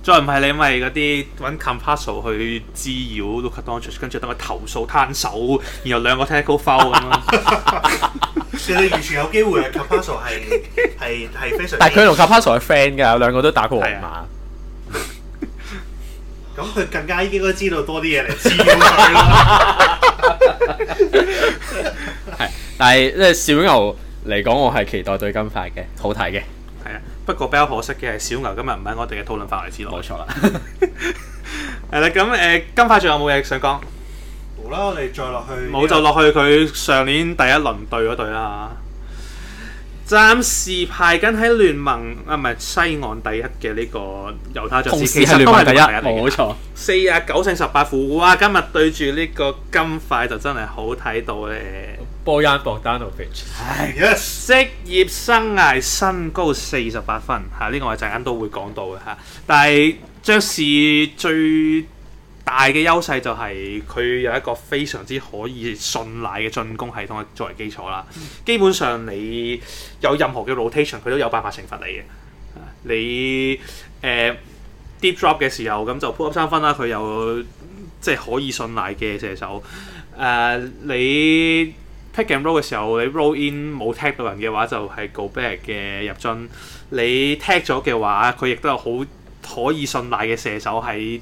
再唔係你因為嗰啲揾 Campazzo 去滋擾 Luka Doncic 跟住等佢投訴攤手，然後兩個 technical foul 咁咯，所以完全有機會 Campazzo 係係係非常，但係佢同 Campazzo 係 friend 㗎，兩個都打過皇馬是、啊，咁佢更加應該知道多啲嘢嚟滋擾佢咯。係， 但係即係小牛嚟講，我係期待對金塊嘅，好睇嘅。係啊，不過比較可惜嘅係小牛今日唔喺我哋嘅討論範圍之內。冇錯啦。係 啦， 咁誒，金塊仲有冇嘢想講？冇啦，我哋再落去。冇就落去佢上年第一輪對嗰對啦。暫時排緊喺聯盟啊，唔係西岸第一嘅呢個猶他爵士，係聯盟第一，冇錯。四十九勝十八負，哇！今日對住呢個金塊就真係好睇到咧。Bojan Bogdanovic，係，職業生涯新高四十八分嚇，呢、啊呢個我陣間都會講到嘅嚇、啊。但係爵士最大嘅優勢就係佢有一個非常之可以信賴嘅進攻系統作為基礎啦。基本上你有任何嘅 rotation，佢都有辦法懲罰你嘅。你誒 deep drop 嘅時候咁就 pull up 三分啦。佢有即係、就是、可以信賴嘅射手。誒、呃、你 pick and roll 嘅時候，你 roll in 冇 tag 到人嘅話，就係、是、go back 嘅入樽。你 tag 咗嘅話，佢亦都有好可以信賴嘅射手喺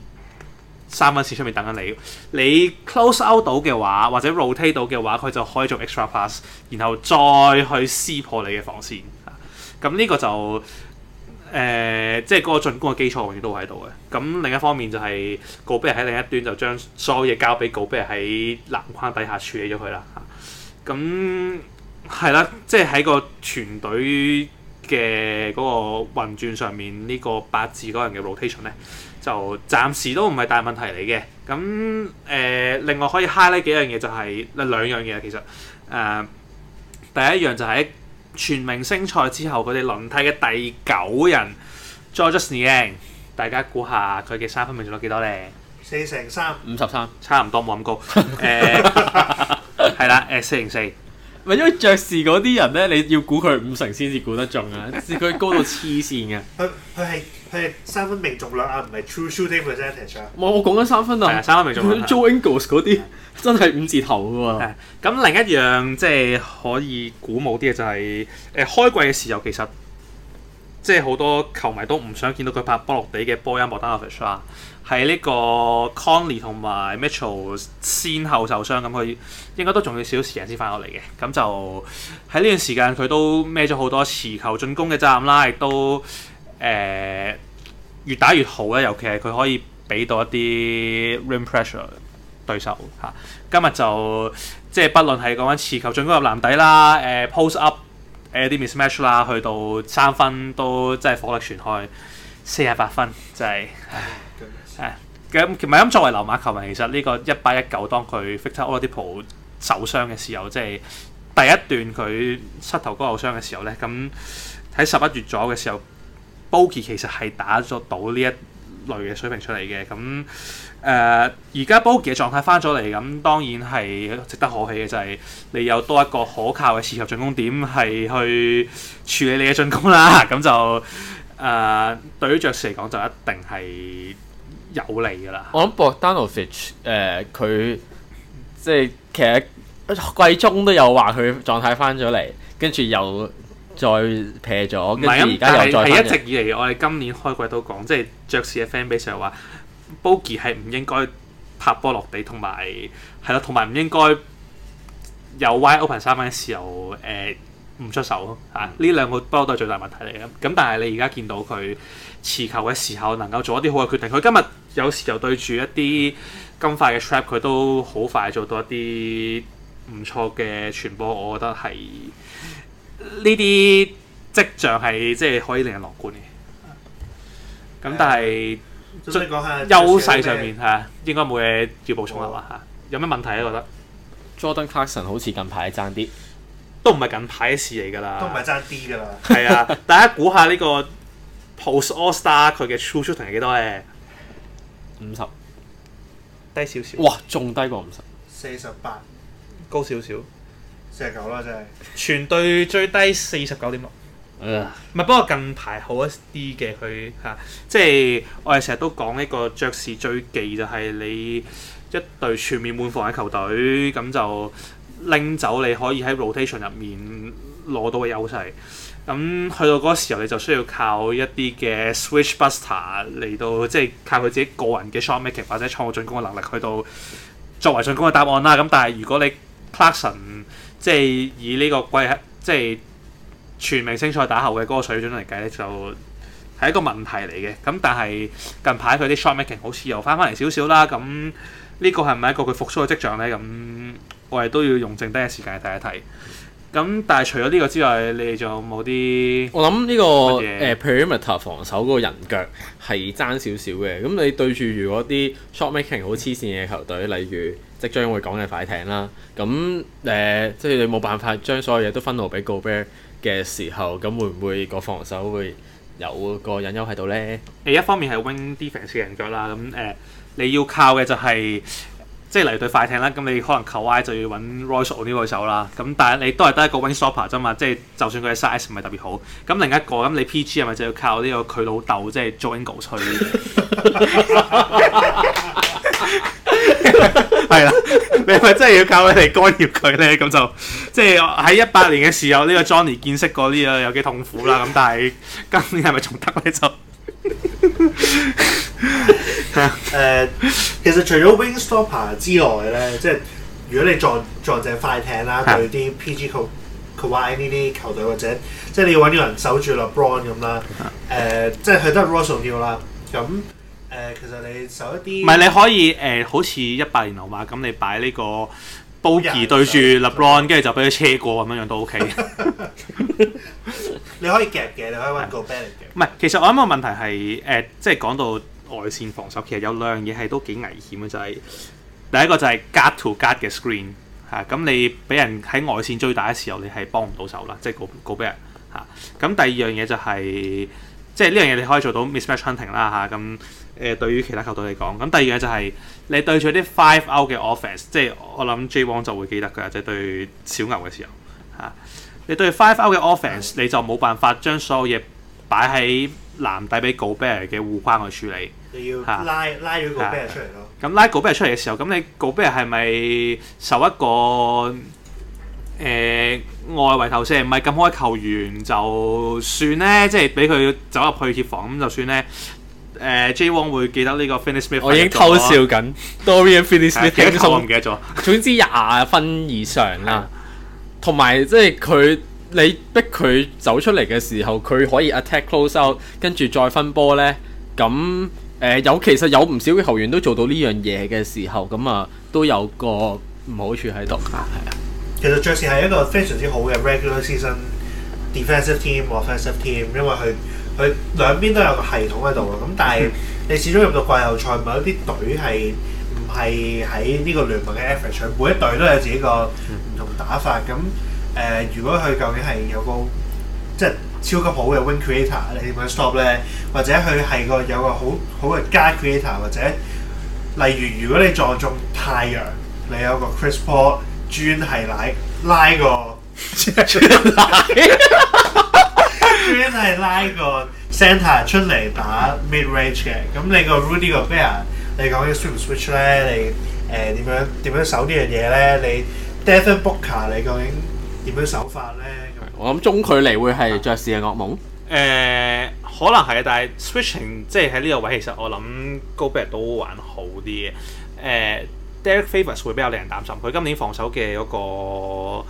三分線出面等緊你，你 close out 到嘅話，或者 rotate 到嘅話，佢就可以做 extra pass，然後再去撕破你嘅防線。咁、啊、呢、這個就誒、呃，即係嗰個進攻嘅基礎永遠都喺度嘅。咁、啊、另一方面就係 Gobert 喺另一端就將所有嘢交俾 Gobert 喺籃框底下處理咗佢啦。嚇、啊，咁係啦，即係喺個團隊嘅嗰個運轉上面，呢、這個八字嗰樣嘅 rotation 咧。就暫時都唔係大問題嚟嘅，咁誒、呃、另外可以 high 呢幾樣嘢就係、是呃、兩樣嘢其實誒、呃、第一樣就係全明星賽之後佢哋輪替嘅第九人 George Niang，大家估下佢嘅三分命中率幾多呢？四成三，五十三差，差唔多冇咁高，誒係啦，誒四成四。咪因為爵士嗰啲人咧，你要估佢五成先至估得中啊！至佢 高到黐線嘅。佢佢係佢係三分命中率啊，唔係 true shooting percentage 啊唔係我講緊三分啊。係三分命中率。Joe Ingles 嗰啲真係五字頭喎、啊。係、啊。咁另一樣即係可以鼓舞啲嘅就係、是、誒、呃、開季嘅時候其實。即係好多球迷都唔想見到佢拍波落地嘅波音摩莫丹諾夫啦。喺呢 個康尼同埋 Mitchell 先後受傷咁，佢應該都仲要少時間先翻落嚟嘅。咁就喺呢段時間，佢都孭咗好多持球進攻嘅責任啦，亦都誒、呃、越打越好啦。尤其係佢可以俾到一啲 rim pressure 對手吓。今日就即係不論係講緊持球進攻入籃底啦，誒、呃、post up。誒啲 mismatch 啦，去到三分都即係火力全開，四廿八分就係，係咁其實唔係咁作為溜馬球迷，其實呢個一八一九當佢 Victor Oladipo 受傷嘅時候，即係第一段佢膝頭哥受傷嘅時候咧，咁喺十一月左右嘅時候，Buki 其實係打咗到呢一類嘅水平出嚟嘅，咁誒而家博嘅狀態返咗嚟，咁當然係值得可喜嘅，就係、是、你有多一個可靠嘅切入進攻點，係去處理你嘅進攻啦。咁就誒、呃、對於爵士嚟講，就一定係有利㗎啦。我諗博丹諾維奇誒佢即係其實季中都有話佢狀態返咗嚟，跟住又。再撇咗，跟住而家又再。係一直以嚟，我哋今年開季都講，即係爵士嘅 fanbase 就話 Bogie 係唔應該拍波落地，同埋係咯，同埋唔應該有 Wide Open 三分嘅時候，誒、呃、唔出手啊！呢兩個波都係最大問題嚟嘅。咁但係你而家見到佢持球嘅時候，能夠做一啲好嘅決定。佢今日有時又對住一啲金塊嘅 Trap，佢都好快做到一啲唔錯嘅傳波。我覺得係。呢啲跡象係即係可以令人樂觀嘅，咁但係優勢上面係應該冇嘢要補充啊嘛嚇。有咩問題咧？覺得 Jordan Clarkson 好似近排爭啲，都唔係近排嘅事嚟噶啦，都唔係爭啲噶啦。係啊，大家估下呢個 Post All Star 佢嘅 True Shooting 係幾多咧？五十低少少。哇，仲低過五十。四十八高少少。四十九啦，真係 全隊最低四十九點六。誒、uh，唔係不過近排好一啲嘅佢嚇，啊、即係我哋成日都講一個爵士最忌就係你一隊全面滿防嘅球隊，咁就拎走你可以喺 rotation 入面攞到嘅優勢。咁去到嗰個時候，你就需要靠一啲嘅 switch buster 嚟到，即係靠佢自己個人嘅 shot making 或者創造進攻嘅能力去到作為進攻嘅答案啦。咁但係如果你 Clarkson 即係以呢個季即係全明星賽打後嘅嗰個水準嚟計咧，就係一個問題嚟嘅。咁但係近排佢啲 shotmaking 好似又翻翻嚟少少啦。咁呢個係咪一個佢復甦嘅跡象呢？咁我哋都要用剩低嘅時間睇一睇。咁但係除咗呢個之外，你哋仲有冇啲？我諗呢、呢個誒 perimeter 防守嗰個人腳係爭少少嘅。咁你對住如果啲 shotmaking 好黐線嘅球隊，嗯、例如即將會講嘅快艇啦，咁誒、呃、即係你冇辦法將所有嘢都分到俾告 bear 嘅時候，咁會唔會個防守會有個隱憂喺度呢？誒一方面係 wing 啲防守嘅人腳啦，咁誒、呃、你要靠嘅就係、是。即係例如對快艇啦，咁你可能 Kawhi 就要揾 Royce 呢位手啦，咁但係你都係得一個 wing stopper 啫嘛，即係就算佢嘅 size 唔係特別好，咁另一個咁你 PG 係咪就要靠呢個佢老豆即係 Johnny 出？係啦，你係咪真係要靠佢哋干擾佢咧？咁就即係喺一八年嘅時候，呢個 Johnny 見識過呢個有幾痛苦啦。咁但係今年係咪仲得嘅就。 誒、 啊，其實除咗 wing stopper 之外咧，即係如果你撞撞隻快艇啦，啊、對啲 PG Kawhi 呢啲球隊或者，即係你要搵啲人守住 LeBron 咁啦。誒、呃，即係佢得 Russell 要啦。咁、呃、誒，其實你守一啲，唔係你可以誒、呃，好似一百年號碼咁，你擺呢、這個。Gobert 對住 LeBron，跟住就俾佢車過咁樣樣都 OK。你可以夾嘅，你可以揾個 back 夾。唔係，其實我諗個問題係誒、呃，即係講到外線防守，其實有兩樣嘢係都幾危險嘅，就係、是、第一個就係 guard to guard 嘅 screen 嚇、啊，咁你俾人喺外線追打嘅時候，你係幫唔到手啦，即係個個 back 咁，第二樣嘢就係、是、即係呢樣嘢你可以做到 mismatch hunting、啊啦嚇。咁誒對於其他球隊嚟講，咁第二樣嘢就係、是。你對住啲 five o u 歐嘅 o f f i c e 即係我諗 J 王就會記得佢啊，即、就、係、是、對小牛嘅時候嚇、啊。你對 five o u 歐嘅 o f f i c e、嗯、你就冇辦法將所有嘢擺喺籃底俾 g u bear 嘅互關去處理。你要拉、啊、拉咗 g u bear 出嚟咯。咁拉 g u bear 出嚟嘅時候，咁你 g u bear 係咪受一個誒、呃、外圍投先？唔係咁好嘅球員就算咧？即係俾佢走入去鐵防咁就算咧。誒 J 王會記得呢個 finish me，我已經偷笑緊。Dorian finish me 幾多分？我唔記得咗。總之廿分以上啦。同埋即係佢，你逼佢走出嚟嘅時候，佢可以 attack close out，跟住再分波咧。咁誒有其實有唔少嘅球員都做到呢樣嘢嘅時候，咁啊都有個唔好處喺度啊。係啊，其實爵士係一個非常之好嘅 regular season defensive team or offensive team，因為佢。佢兩邊都有個系統喺度咯，咁但係你始終入到季後賽，某有啲隊係唔係喺呢個聯盟嘅，e f f o r t g 每一隊都有自己個唔同打法。咁誒、呃，如果佢究竟係有個即係超級好嘅 win creator，你點樣 stop 咧？或者佢係個有個好好嘅加 creator，或者例如如果你撞中太陽，你有個 c r i s Paul 轉係拉拉個 主要都係拉個 center 出嚟打 mid range 嘅，咁你個 Rudy Gobert，你講嘅 switch switch 咧，你誒點、呃、樣點樣守呢樣嘢咧？你 Devin Booker 你究竟點樣守法咧？嗯、我諗中距離會係爵士嘅噩夢。誒、嗯呃，可能係，但係 switching 即係喺呢個位，其實我諗高比人都還好啲嘅。誒、呃、，Derrick Favors 會比較令人擔心，佢今年防守嘅嗰、那個。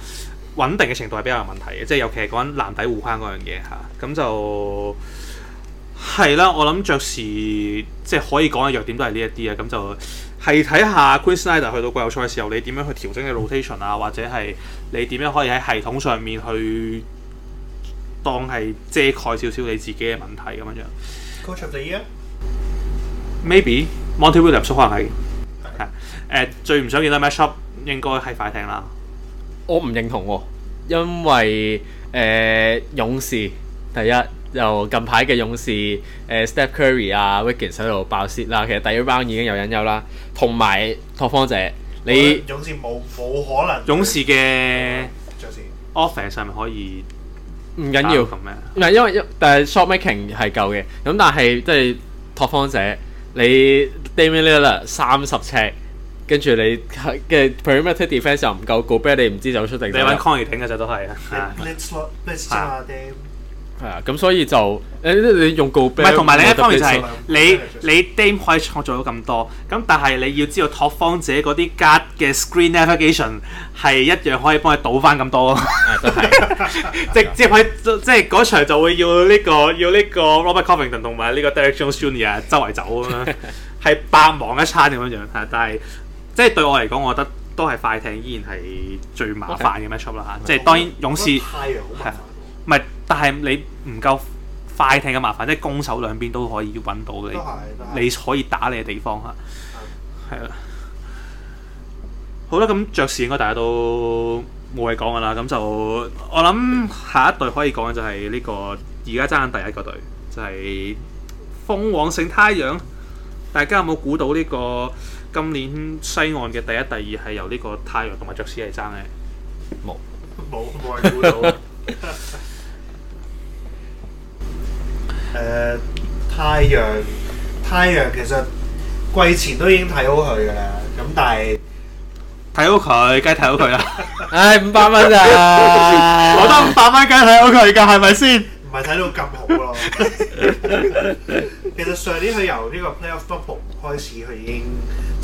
穩定嘅程度係比較有問題嘅，即係尤其係講緊爛底護框嗰樣嘢嚇，咁就係啦。我諗爵士即係可以講嘅弱點都係呢一啲啊，咁就係睇下 Quin Snyder 去到季後賽嘅時候，你點樣去調整你嘅 rotation 啊，或者係你點樣可以喺系統上面去當係遮蓋少少你自己嘅問題咁樣。matchup，maybe Monty e 會入縮，可能係係 Yeah.、uh, 最唔想見到 matchup，應該係快艇啦。我唔認同喎，因為誒勇士第一由近排嘅勇士誒 Steph Curry 啊，Wiggins 喺度爆閃啦，其實第一 round 已經有隱憂啦，同埋拓荒者你勇士冇冇可能？勇士嘅，勇士 offense 係咪可以唔緊要？唔係因為但係 shot making 係夠嘅，咁但係即係拓荒者你 Damian Lillard 三十尺。跟住你嘅跟住 primitive defense 又唔夠高，by 你唔知走出定。你玩抗議 n 嘅 i e g 嘅就是都 t z c 係啊，咁、啊啊、所以就誒、欸，你用高 by 唔係同埋另一方面就係、是、話你話你，話你，你 Dame 可以創造到咁多，咁但係你要知道拓荒者嗰啲 guard 嘅 screen navigation 係一樣可以幫佢倒翻咁多咯。啊，都係，即係喺即係嗰場就會要呢、這個要呢個 Robert Covington 同埋呢個 Derrick Jones Jr. 周圍走咁樣，係 百忙一餐咁樣樣但係。即係對我嚟講，我覺得都係快艇依然係最麻煩嘅 matchup 啦嚇 Okay。即係當然勇士係啊，唔係，但係你唔夠快艇嘅麻煩，即係攻守兩邊都可以搵到你，你可以打你嘅地方嚇，係啦、啊啊。好啦，咁爵士應該大家都冇嘢講噶啦。咁就我諗下一隊可以講嘅就係呢、這個而家爭第一個隊，就係、是、鳳凰城太陽。大家有冇估到呢、這個？今年西岸嘅第一、第二係由呢個太陽同埋爵士係爭嘅，冇冇冇人估到。誒，太陽太陽其實季前都已經睇好佢噶啦，咁但係睇好佢，梗係睇好佢啦。唉、 哎，五百蚊咋？ 我得五百蚊，梗係睇好佢噶，係咪先？唔係睇到咁好咯。 其實上年佢由呢個 Playoff bubble 開始，佢已經。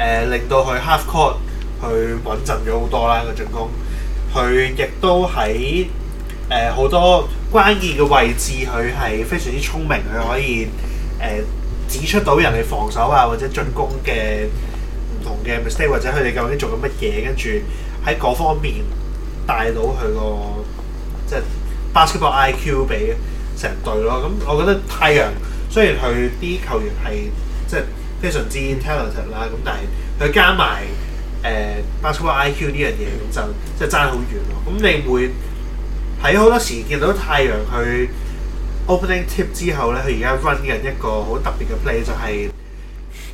誒、呃、令到佢 half court 佢穩陣咗好多啦，個進攻佢亦都喺誒好多關鍵嘅位置，佢係非常之聰明，佢可以誒、呃、指出到人哋防守啊或者進攻嘅唔同嘅 mistake 或者佢哋究竟做緊乜嘢，跟住喺嗰方面帶到佢個即係 basketball IQ 俾成隊咯。咁我覺得太陽雖然佢啲球員係即係。非常之 intelligent 啦，咁但係佢加埋誒 basketball IQ 呢樣嘢，咁、呃、就即係爭好遠咯。咁你會喺好多時見到太陽去 opening tip 之後咧，佢而家 run 緊一個好特別嘅 play，就係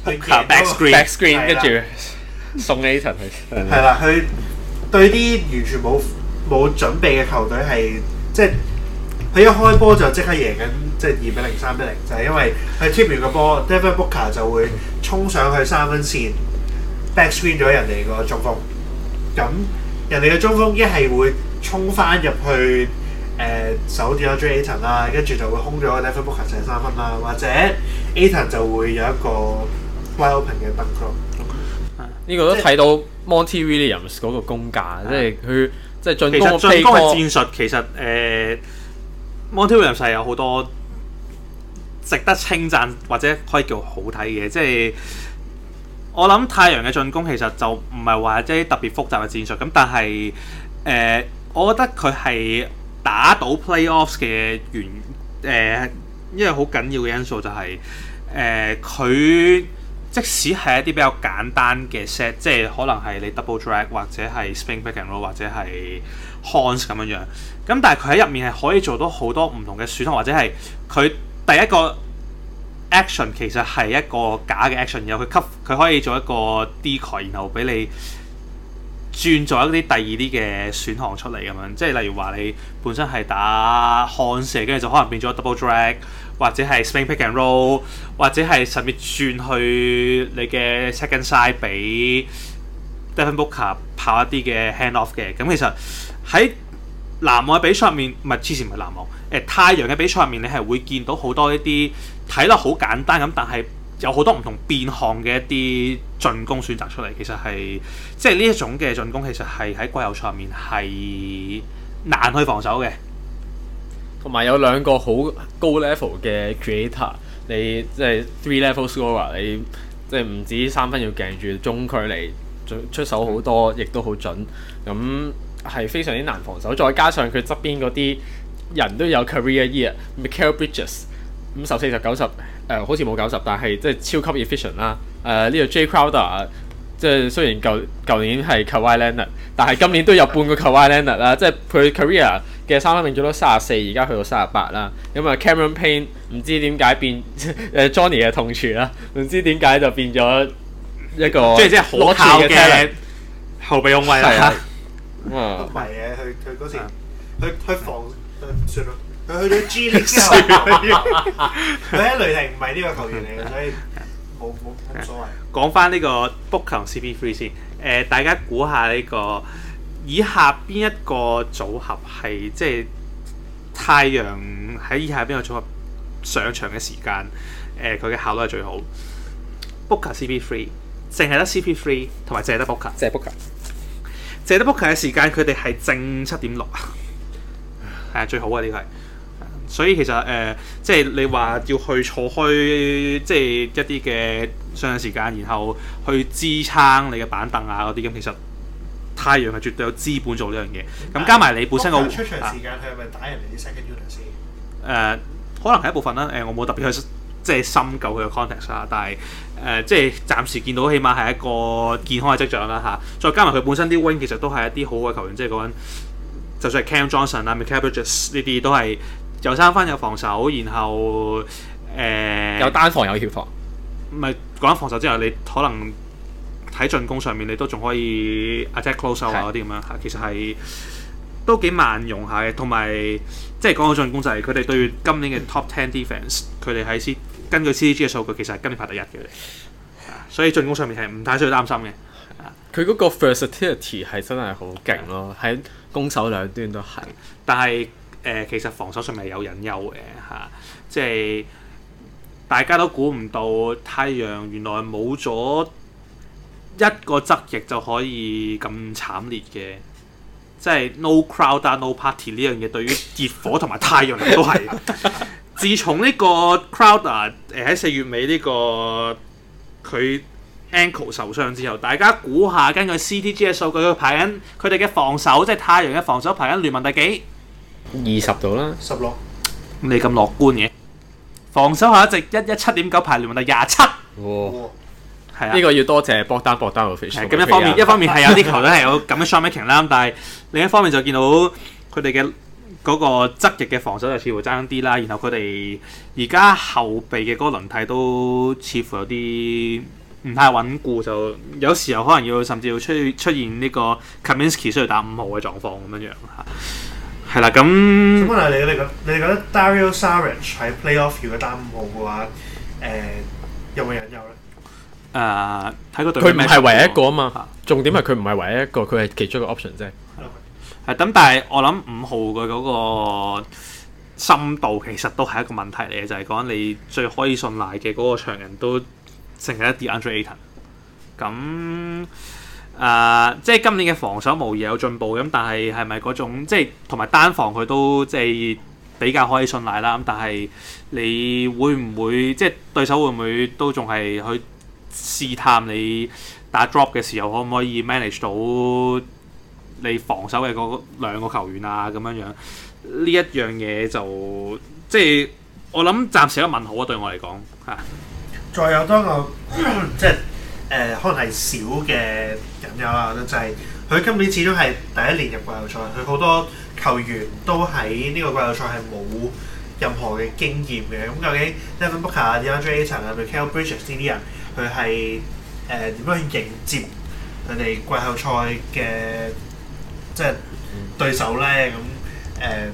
去 cover back screen，的 跟住送 Ayton 去。係啦，佢 對啲完全冇冇準備嘅球隊係即係。就是佢一開波就即刻贏緊，即係二比零、三比零，就係、是、因為佢 tip 完個波 ，Devin Booker 就會衝上去三分線 backscreen 咗人哋個中鋒。咁人哋嘅中鋒一係會衝翻入去誒、呃、守住咗 Ayton 啦，跟住就會空咗 Devin Booker 射三分啦，或者 Ayton 就會有一個 wide open 嘅 dunk，呢個都睇到即 Monty Williams 嗰個攻架，啊、即係佢即係進攻。其實進攻戰術，其實誒。呃 Montreal 係有好多值得稱讚或者可以叫好睇嘅，即係我諗太陽嘅進攻其實就唔係話即係特別複雜嘅戰術，咁但係誒、呃，我覺得佢係打到 Playoffs 嘅原誒、呃，一個好緊要嘅因素就係、是、誒，佢、呃、即使係一啲比較簡單嘅 set，即係可能係你 double drag 或者係 Spain pick and roll 或者係 horns 咁樣樣。咁但係佢喺入面係可以做到好多唔同嘅選項，或者係佢第一個 action 其實係一個假嘅 action，然後佢吸佢可以做一個 decoy 然後俾你轉咗一啲第二啲嘅選項出嚟咁樣，即係，例如話你本身係打漢射，跟住就可能變咗 double drag，或者係 spring pick and roll，或者係甚至轉去你嘅 second side 俾 Devin Booker 跑一啲嘅 hand off 嘅，咁其實喺籃網嘅比賽入面，唔係之前，唔係籃網。誒、呃，太陽嘅比賽入面，你係會見到好多一啲睇得好簡單咁，但係有好多唔同變項嘅一啲進攻選擇出嚟。其實係即係呢一種嘅進攻，其實係喺季後賽入面係難去防守嘅。同埋有，有兩個好高 level 嘅 creator，你即係 three level scorer，你即係唔止三分要鏡住，中距離出手好多，亦都好準咁。係非常之難防守，再加上佢側邊嗰啲人都有 career year，Michael Bridges 五十、四十、九十，誒好似冇九十，但係即係超級 efficient 啦。誒呢個 J Crowder，即係雖然舊舊年係 Kawhi Leonard，但係今年都有半個 Kawhi Leonard 啦。即係佢 career 嘅三分命中率三十四，而家去到三十八啦。咁啊，Cameron Payne 唔知點解變誒 Johnny 嘅痛處啦，唔知點解就變咗一個即係即係可靠嘅後備控衞啦。唔係嘅，佢佢嗰時，防去佢防算咯，佢去咗 G 聯賽，佢喺雷霆唔係呢個球員嚟嘅，所以冇冇冇所謂。講翻呢個 Booker 同 CP3 先，誒、呃，大家估下呢個以下邊一個組合係即係太陽喺以下邊個組合上場嘅時間，誒、呃，佢嘅效率係最好。Booker CP3 淨係得 CP3，同埋淨係得 Booker，淨 Booker。借得 book 嘅時間，佢哋係正七點六啊，係啊，最好啊呢個係，所以其實誒、呃，即係你話要去錯開，即係一啲嘅上嘅時間，然後去支撐你嘅板凳啊嗰啲咁，其實太陽係絕對有資本做呢樣嘢。咁加埋你本身個出場時間，佢係咪打人哋啲 second unit 先？誒、呃，可能係一部分啦。誒、呃，我冇特別去即係深究佢嘅 context 啊，但係。誒、呃，即係暫時見到，起碼係一個健康嘅跡象啦，嚇、啊！再加埋佢本身啲 wing，其實都係一啲好嘅球員，即係講緊就算係 Cam Johnson 啊、Mikal Bridges 呢啲，都係有三分有防守，然後誒，呃、有單防有協防，唔係講緊防守之後，你可能喺進攻上面，你都仲可以 attack closeout 是啊嗰啲咁樣嚇，其實係都幾萬用下嘅，同埋即係講緊進攻就係佢哋對今年嘅 top ten defence，佢哋喺先。根據 CG 嘅數據，其實係今年排第一嘅，所以進攻上面係唔太需要擔心嘅。佢嗰個 versatility 係真係好勁咯，喺的攻守兩端都係。但係誒、呃，其實防守上面有隱憂嘅吓、啊，即係大家都估唔到太陽原來冇咗一個側翼就可以咁慘烈嘅，即係 no crowd no party 呢樣嘢， 對於熱火同埋太陽都係。 自從呢個 Crowder 喺四月尾呢、這個佢 ankle 受傷之後，大家估下根據 c t g 嘅數據佢排緊佢哋嘅防守，即係太陽嘅防守排緊聯盟第幾？二十度啦，十落。你咁樂觀嘅防守下一直一一七點九排聯盟第廿七。哇！啊，呢個要多謝博丹博丹和フィッ，咁一方面，一方面係有啲 球隊係有咁嘅 s h o r t 啦，但係另一方面就見到佢哋嘅。嗰個側翼嘅防守就似乎爭啲啦，然後佢哋而家後備嘅嗰個輪替都似乎有啲唔太穩固，就有時候可能要甚至要出出現呢個 Kaminsky 需要打五號嘅狀況咁樣樣嚇。係、啊、啦，咁你覺得你覺得 Dario Saric 喺 Playoff 要打五號嘅話，誒有冇引誘咧？誒，睇個隊，佢唔係唯一一個啊嘛。重點係佢唔係唯一一個，佢係其中一個 option 啫。係，咁、嗯、但係我諗五號嘅嗰個深度其實都係一個問題嚟嘅，就係、是、講你最可以信賴嘅嗰個場人都剩係一啲、e、DeAndre Ayton。咁、嗯、啊、呃，即係今年嘅防守無疑有進步咁、嗯，但係係咪嗰種即係同埋單防佢都即係比較可以信賴啦？咁、嗯、但係你會唔會即係對手會唔會都仲係去試探你打 drop 嘅時候可唔可以 manage 到？你防守嘅嗰兩個球員啊，咁樣樣呢一樣嘢就即係我諗暫時都問好啊，對我嚟講啊。再有多個咳咳即係誒、呃、可能係少嘅引援啦，就係、是、佢今年始終係第一年入季後賽，佢好多球員都喺呢個季後賽係冇任何嘅經驗嘅。咁、嗯、究竟 Devin Booker 啊、Deandre Ayton 啊、Mikal Bridges 呢啲人，佢係誒點樣去迎接佢哋季後賽嘅？即係對手咧，咁誒、呃、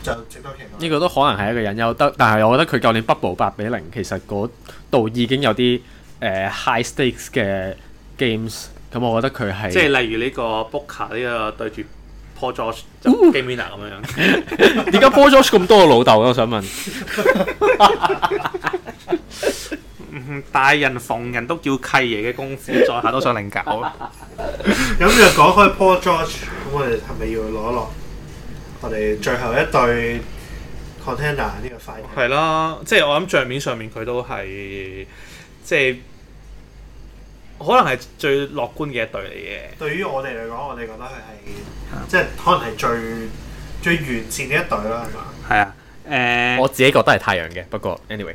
就值得期待。呢個都可能係一個引誘得，但係我覺得佢舊年 bubble 八比零，0，其實嗰度已經有啲誒、呃、high stakes 嘅 games、嗯。咁我覺得佢係即係例如呢個 booker 呢個對住 Paul George 就 game winner 咁樣樣 。點解 Paul George 咁多個老豆我想問。 大人逢人都叫契爺嘅功夫，在下都想領教咯。咁就講開 Paul George，咁我哋係咪要攞一落我哋最後一對 Contender 呢個 Fight 係啦，即係、 就是、我諗帳面上面佢都係，即、就、係、是、可能係最樂觀嘅一隊嚟嘅。對於我哋嚟講，我哋覺得佢係即係可能係最最完善嘅一隊啦，係嘛？係啊， 誒、呃，我自己覺得係太陽嘅，不過 Anyway。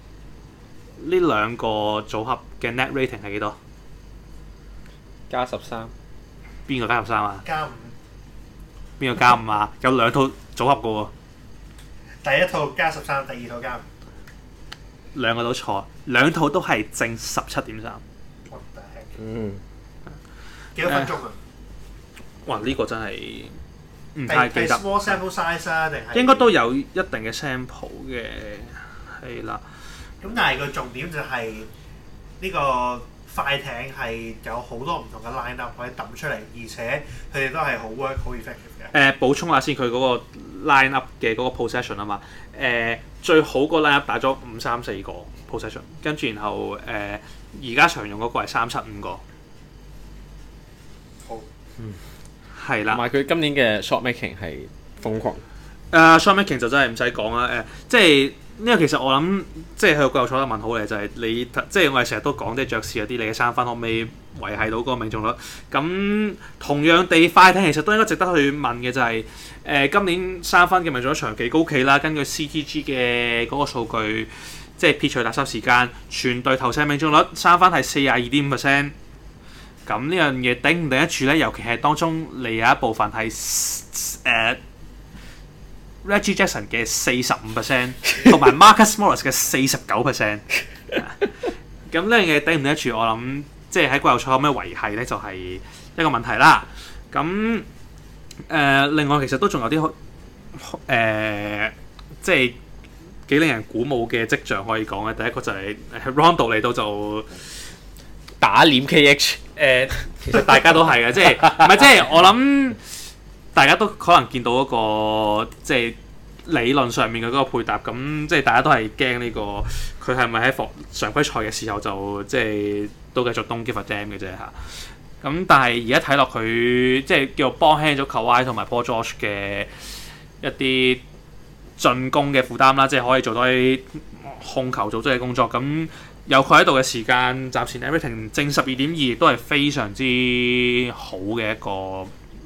呢兩個組合嘅 net rating 係幾多？加十三，邊個加十三啊？加五，邊個加五啊？有兩套組合嘅喎。第一套加十三，第二套加五，兩個都錯，兩套都係正十七點三。嗯，幾多分鐘啊？哇！呢個真係唔太記得。應該都有一定嘅 sample 嘅，係啦。咁但係個重點就係呢個快艇係有好多唔同嘅 lineup 可以揼出嚟，而且佢哋都係好 work 好 effective 嘅。誒、呃，補充下先，佢嗰個 lineup 嘅嗰個 position 啊、呃、嘛。誒，最好嗰個 lineup 打咗五三四個 position，跟住然後誒，而家常用嗰個係三七五個。好。嗯。係啦。同埋佢今年嘅 shotmaking 係瘋狂。誒、嗯 uh，shotmaking 就真係唔使講啦。誒、呃，即係。呢個其實我諗，即係佢有坐得問好咧，就係、是、你即係我哋成日都講，即係爵士嗰啲你嘅三分可唔可以維係到嗰個命中率？咁同樣地，快艇其實都應該值得去問嘅就係、是、誒、呃、今年三分嘅命中率長期高企啦。根據 CTG 嘅嗰個數據，即係撇除垃圾時間，全隊投射命中率三分係四廿二點五個 percent。咁呢樣嘢頂唔頂得住咧？尤其係當中你有一部分係誒。呃 Reggie Jackson 嘅四十五 percent 同埋 Marcus Morris 嘅四十九 percent，咁呢樣嘢頂唔頂得住？我諗即係喺季後賽有咩維繫咧，就係、是就是、一個問題啦。咁、啊、誒，另外其實都仲有啲誒，即係幾令人鼓舞嘅跡象可以講嘅。第一個就係、是啊、Rondo 嚟到就打臉 KH，誒，啊、其，實 其實大家都係嘅，即係唔係即係我諗。大家都可能見到一個即係理論上面嘅嗰，配搭，咁即係大家都係驚呢個佢係咪喺防常規賽嘅時候就即係都繼續東擊弗丹嘅啫嚇。咁、啊、但係而家睇落佢即係叫幫輕咗 Kawhi 同埋 Paul George 嘅一啲進攻嘅負擔啦，即係可以做多啲控球組織嘅工作。咁有佢喺度嘅時間，暫時 everything 正十二點二都係非常之好嘅一個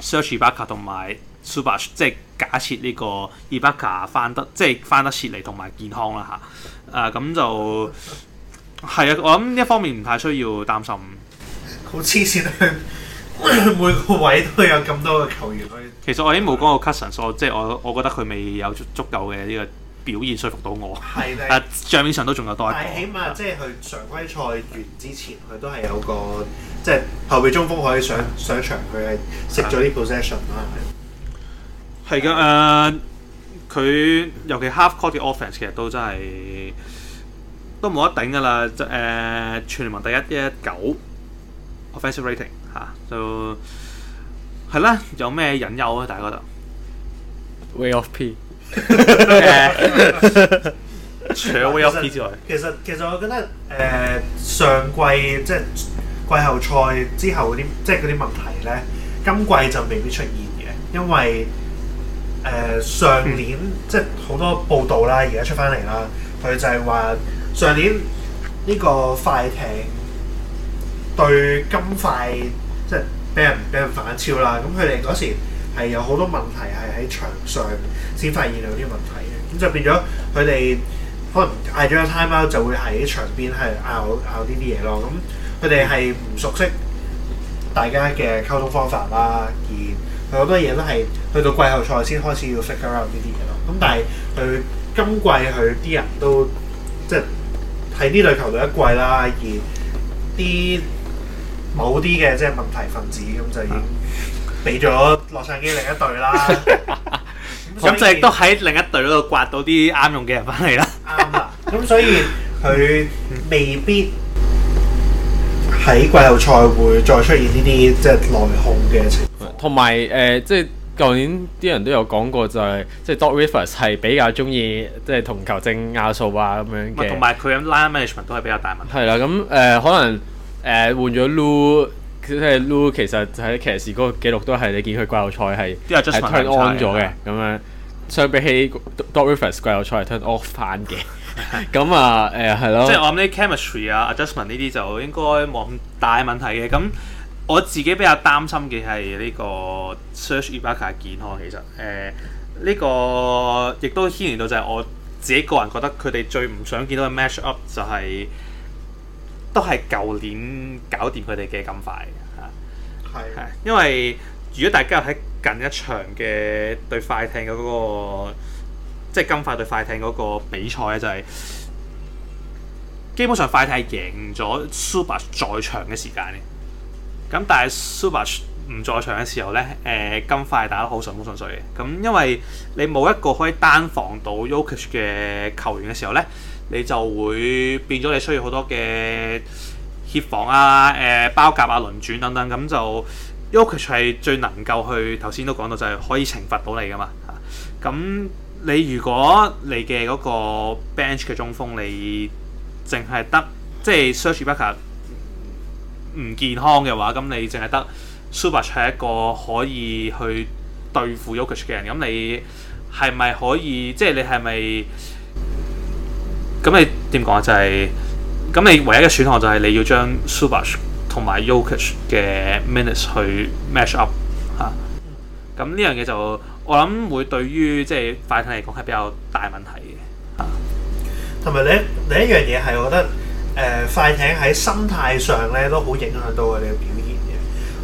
Serge Ibaka 同埋 Zubac 即係假設呢個 Ibaka 翻得，即係翻得切嚟同埋健康啦吓，誒，咁就係啊，我諗一方面唔太需要擔心。好黐線啊！每個位都有咁多嘅球員去。其實我已經冇講過 Cousins，即係我我覺得佢未有足足夠嘅呢個。表現說服到我係誒的， 面上都仲有多一個，但係起碼即係佢常規賽完之前，佢 都係有個即係、就是、後備中鋒可以上 上場，佢係食咗啲 possession 啦。 係嘅誒，佢尤其 half court offence 其實都真係都冇得頂噶啦，誒、呃、全聯盟第一一一九 offensive rating 嚇、啊，就係啦，有咩隱憂啊？大家覺得 way of p。除咗會有啲之外，其實其實我覺得誒、呃，上季即係季後賽之後嗰啲，即係嗰啲問題咧，今季就未必出現嘅，因為誒、呃、上年、嗯、即係好多報道啦，而家出翻嚟啦，佢就係話上年呢、這個快艇對金塊，即係俾人俾人反超啦，咁佢哋嗰時。係有好多問題係喺場上先發現有啲問題嘅，咁就變咗佢哋可能嗌咗個 time out 就會喺場邊係拗拗呢啲嘢咯。咁佢哋係唔熟悉大家嘅溝通方法啦，而好多嘢都係去到季後賽先開始要 figure out 呢啲嘢咯。咁但係佢今季佢啲人都即係喺呢隊球隊一季啦，而啲某啲嘅即係問題分子咁就已經。俾咗洛杉磯另一隊啦，咁就亦都喺另一隊嗰度刮到啲啱用嘅人翻嚟啦。啱，咁所以佢未必喺季後賽會再出現呢啲即係內控嘅情況。同埋誒，即係舊年啲人都有講過，就係即係 Doc Rivers 係比較中意即係同球證拗數啊咁樣嘅。同埋佢嘅 Line Management 都係比較大問題。係啦，咁誒可能誒換咗 Lue。即係 Lu 其實喺騎士嗰個記錄都係你見佢季後賽係係 turn on 咗嘅，咁樣相比起 Doc Rivers o 季後賽係 turn off 翻嘅，咁 啊誒係、啊、咯，即係我諗啲 chemistry 啊 adjustment 呢啲就應該冇咁大問題嘅。咁、嗯、我自己比較擔心嘅係呢個 Serge Ibaka、e、嘅健康，其實誒呢、呃呢個亦都牽連到就係我自己個人覺得佢哋最唔想見到嘅 match up 就係、是、都係舊年搞掂佢哋嘅金塊。係，因為如果大家有喺近一場嘅對快艇嘅嗰、那個，即係金塊對快艇嗰個比賽咧，就係、是、基本上快艇係贏咗 Zubac 在場嘅時間嘅。咁但係 Zubac 唔在場嘅時候呢，誒金塊打得好順風順水嘅。咁因為你冇一個可以單防到 Jokic、ok、嘅球員嘅時候呢，你就會變咗你需要好多嘅。協防啊，誒、呃、包夾啊，輪轉等等，咁、嗯、就 Jokic 係最能夠去頭先都講到，就係可以懲罰到你噶嘛嚇。咁、啊嗯、你如果你嘅嗰個 bench 嘅中鋒，你淨係得即係 Serge Ibaka 唔健康嘅話，咁、嗯、你淨係得 Zubac 係一個可以去對付 Jokic 嘅人。咁、嗯、你係咪可以？即係你係咪？咁你點講啊？就係、是。咁你唯一嘅選項就係你要將 Zubac 同埋 Jokic 嘅 minutes 去 match up 嚇、啊。咁呢樣嘢就我諗會對於即係、就是、快艇嚟講係比較大問題嘅嚇。同、啊、埋你另一樣嘢係我覺得誒、呃、快艇喺心態上咧都好影響到我哋嘅表現嘅。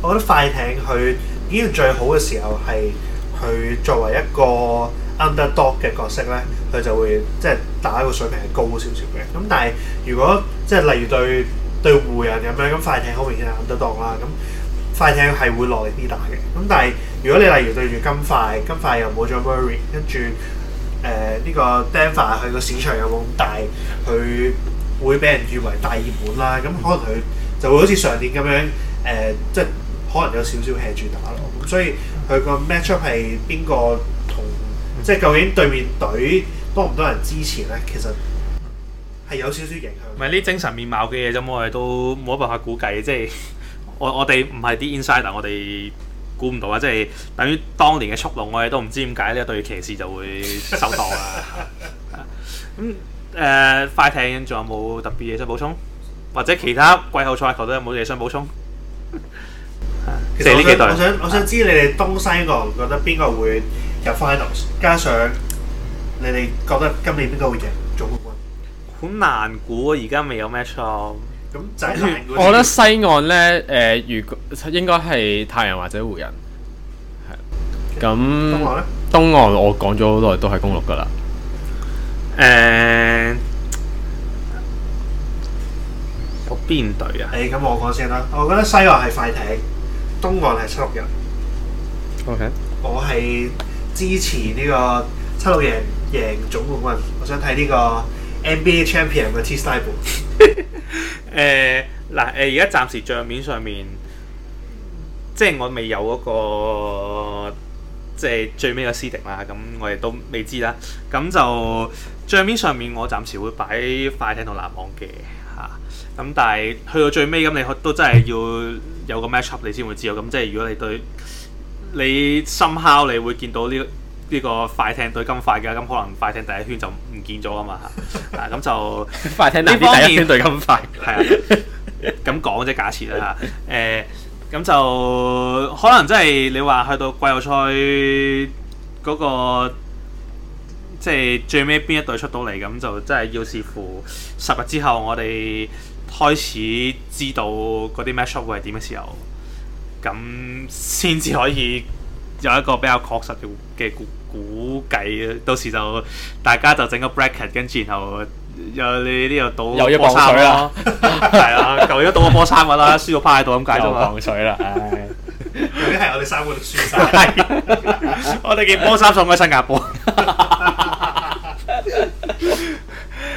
我覺得快艇佢表現最好嘅時候係佢作為一個 Underdog 嘅角色咧，佢就會即係打個水平係高少少嘅。咁但係如果即係例如對對湖人咁樣，咁快艇好明顯係 underdog 啦。咁快艇係會耐啲打嘅。咁但係如果你例如對住金塊，金塊又冇咗 Murray，跟住誒呢、呃呢個 Denver 佢個市場又冇咁大，佢會俾人認為大熱門啦。咁可能佢就會好似上年咁樣誒、呃，即係可能有少少 hea 住打咯。咁所以佢個 matchup 係邊個？即係究竟對面隊多唔多人支持咧？其實係有少少影響。唔係啲精神面貌嘅嘢啫，我哋都冇乜辦法估計。即係我我哋唔係啲 insider，我哋估唔到啊！即係等於當年嘅速龍，我哋都唔知點解呢對騎士就會收檔啊！咁誒、 嗯呃，快艇仲有冇特別嘢想補充？或者其他季後賽球隊都有冇嘢想補充？其實即呢幾隊我想我想我想知你哋東西岸覺得邊個會？有 finals，加上你哋覺得今年邊個會贏總冠軍？好難估啊！而家未有 matchup。咁就係我覺得西岸咧，誒，如果應該係太陽或者湖人。係。咁東岸咧？東岸我講咗好耐，都係公鹿噶啦。誒，有邊隊啊？誒，咁我講先啦。我覺得西岸係快艇，東岸係七六人。OK。我係。支持呢個七六贏贏總冠軍，我想睇呢個 NBA champion 嘅 t、style. s e b a l l 誒嗱誒，而、呃、家、呃、暫時帳面上面，即係我未有嗰、那個，即係最尾個 seed 啦。咁我亦都未知啦。咁就帳面上面，我暫時會擺快艇同籃網嘅嚇。咁、啊、但係去到最尾咁，你都真係要有個 match up，你先會知道。咁即係如果你對。你深跑，你會見到呢呢個快艇對金塊嘅，咁可能快艇第一圈就唔見咗啊嘛，啊咁 就 快艇第一圈對金塊，係 啊，咁講即假設啦嚇，誒、呃、咁就可能真係你話去到季後賽嗰個，即、就、係、是、最尾邊一隊出到嚟，咁就真係要視乎十日之後，我哋開始知道嗰啲 matchup 會係點嘅時候。咁先至可以有一個比較確實嘅估估計到時就大家就整個 bracket，跟住然後又你啲賭波衫咯，係啊！ 舊年賭個波衫噶啦，輸個趴喺度咁繼續放水啦！唉， 我哋三個都輸晒？ 我哋件波衫送咗新加坡。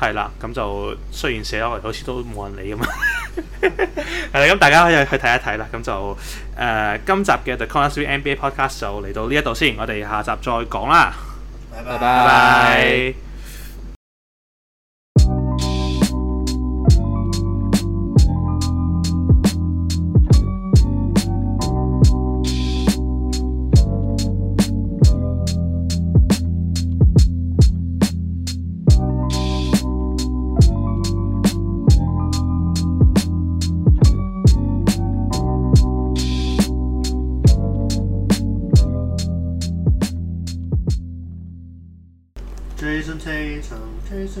係啦，咁就雖然寫落嚟好似都冇人理咁啊。係， 咁大家可以去睇一睇啦。咁就誒、呃，今集嘅 The Consul n e NBA Podcast 就嚟到呢一度先，我哋下集再講啦。拜拜。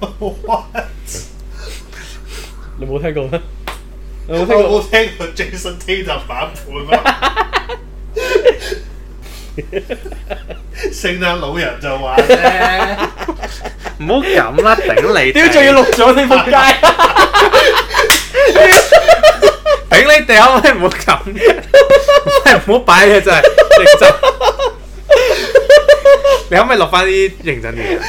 what？你冇聽過咩？我冇聽過 Jayson Tatum 版本啊！聖誕老人就話咧，唔好咁啦，頂你！屌，仲要錄咗你扑街啊！頂你屌，你唔好咁，你唔好擺啊！真係，你可唔可以錄翻啲認真嘅？啊！屌啦！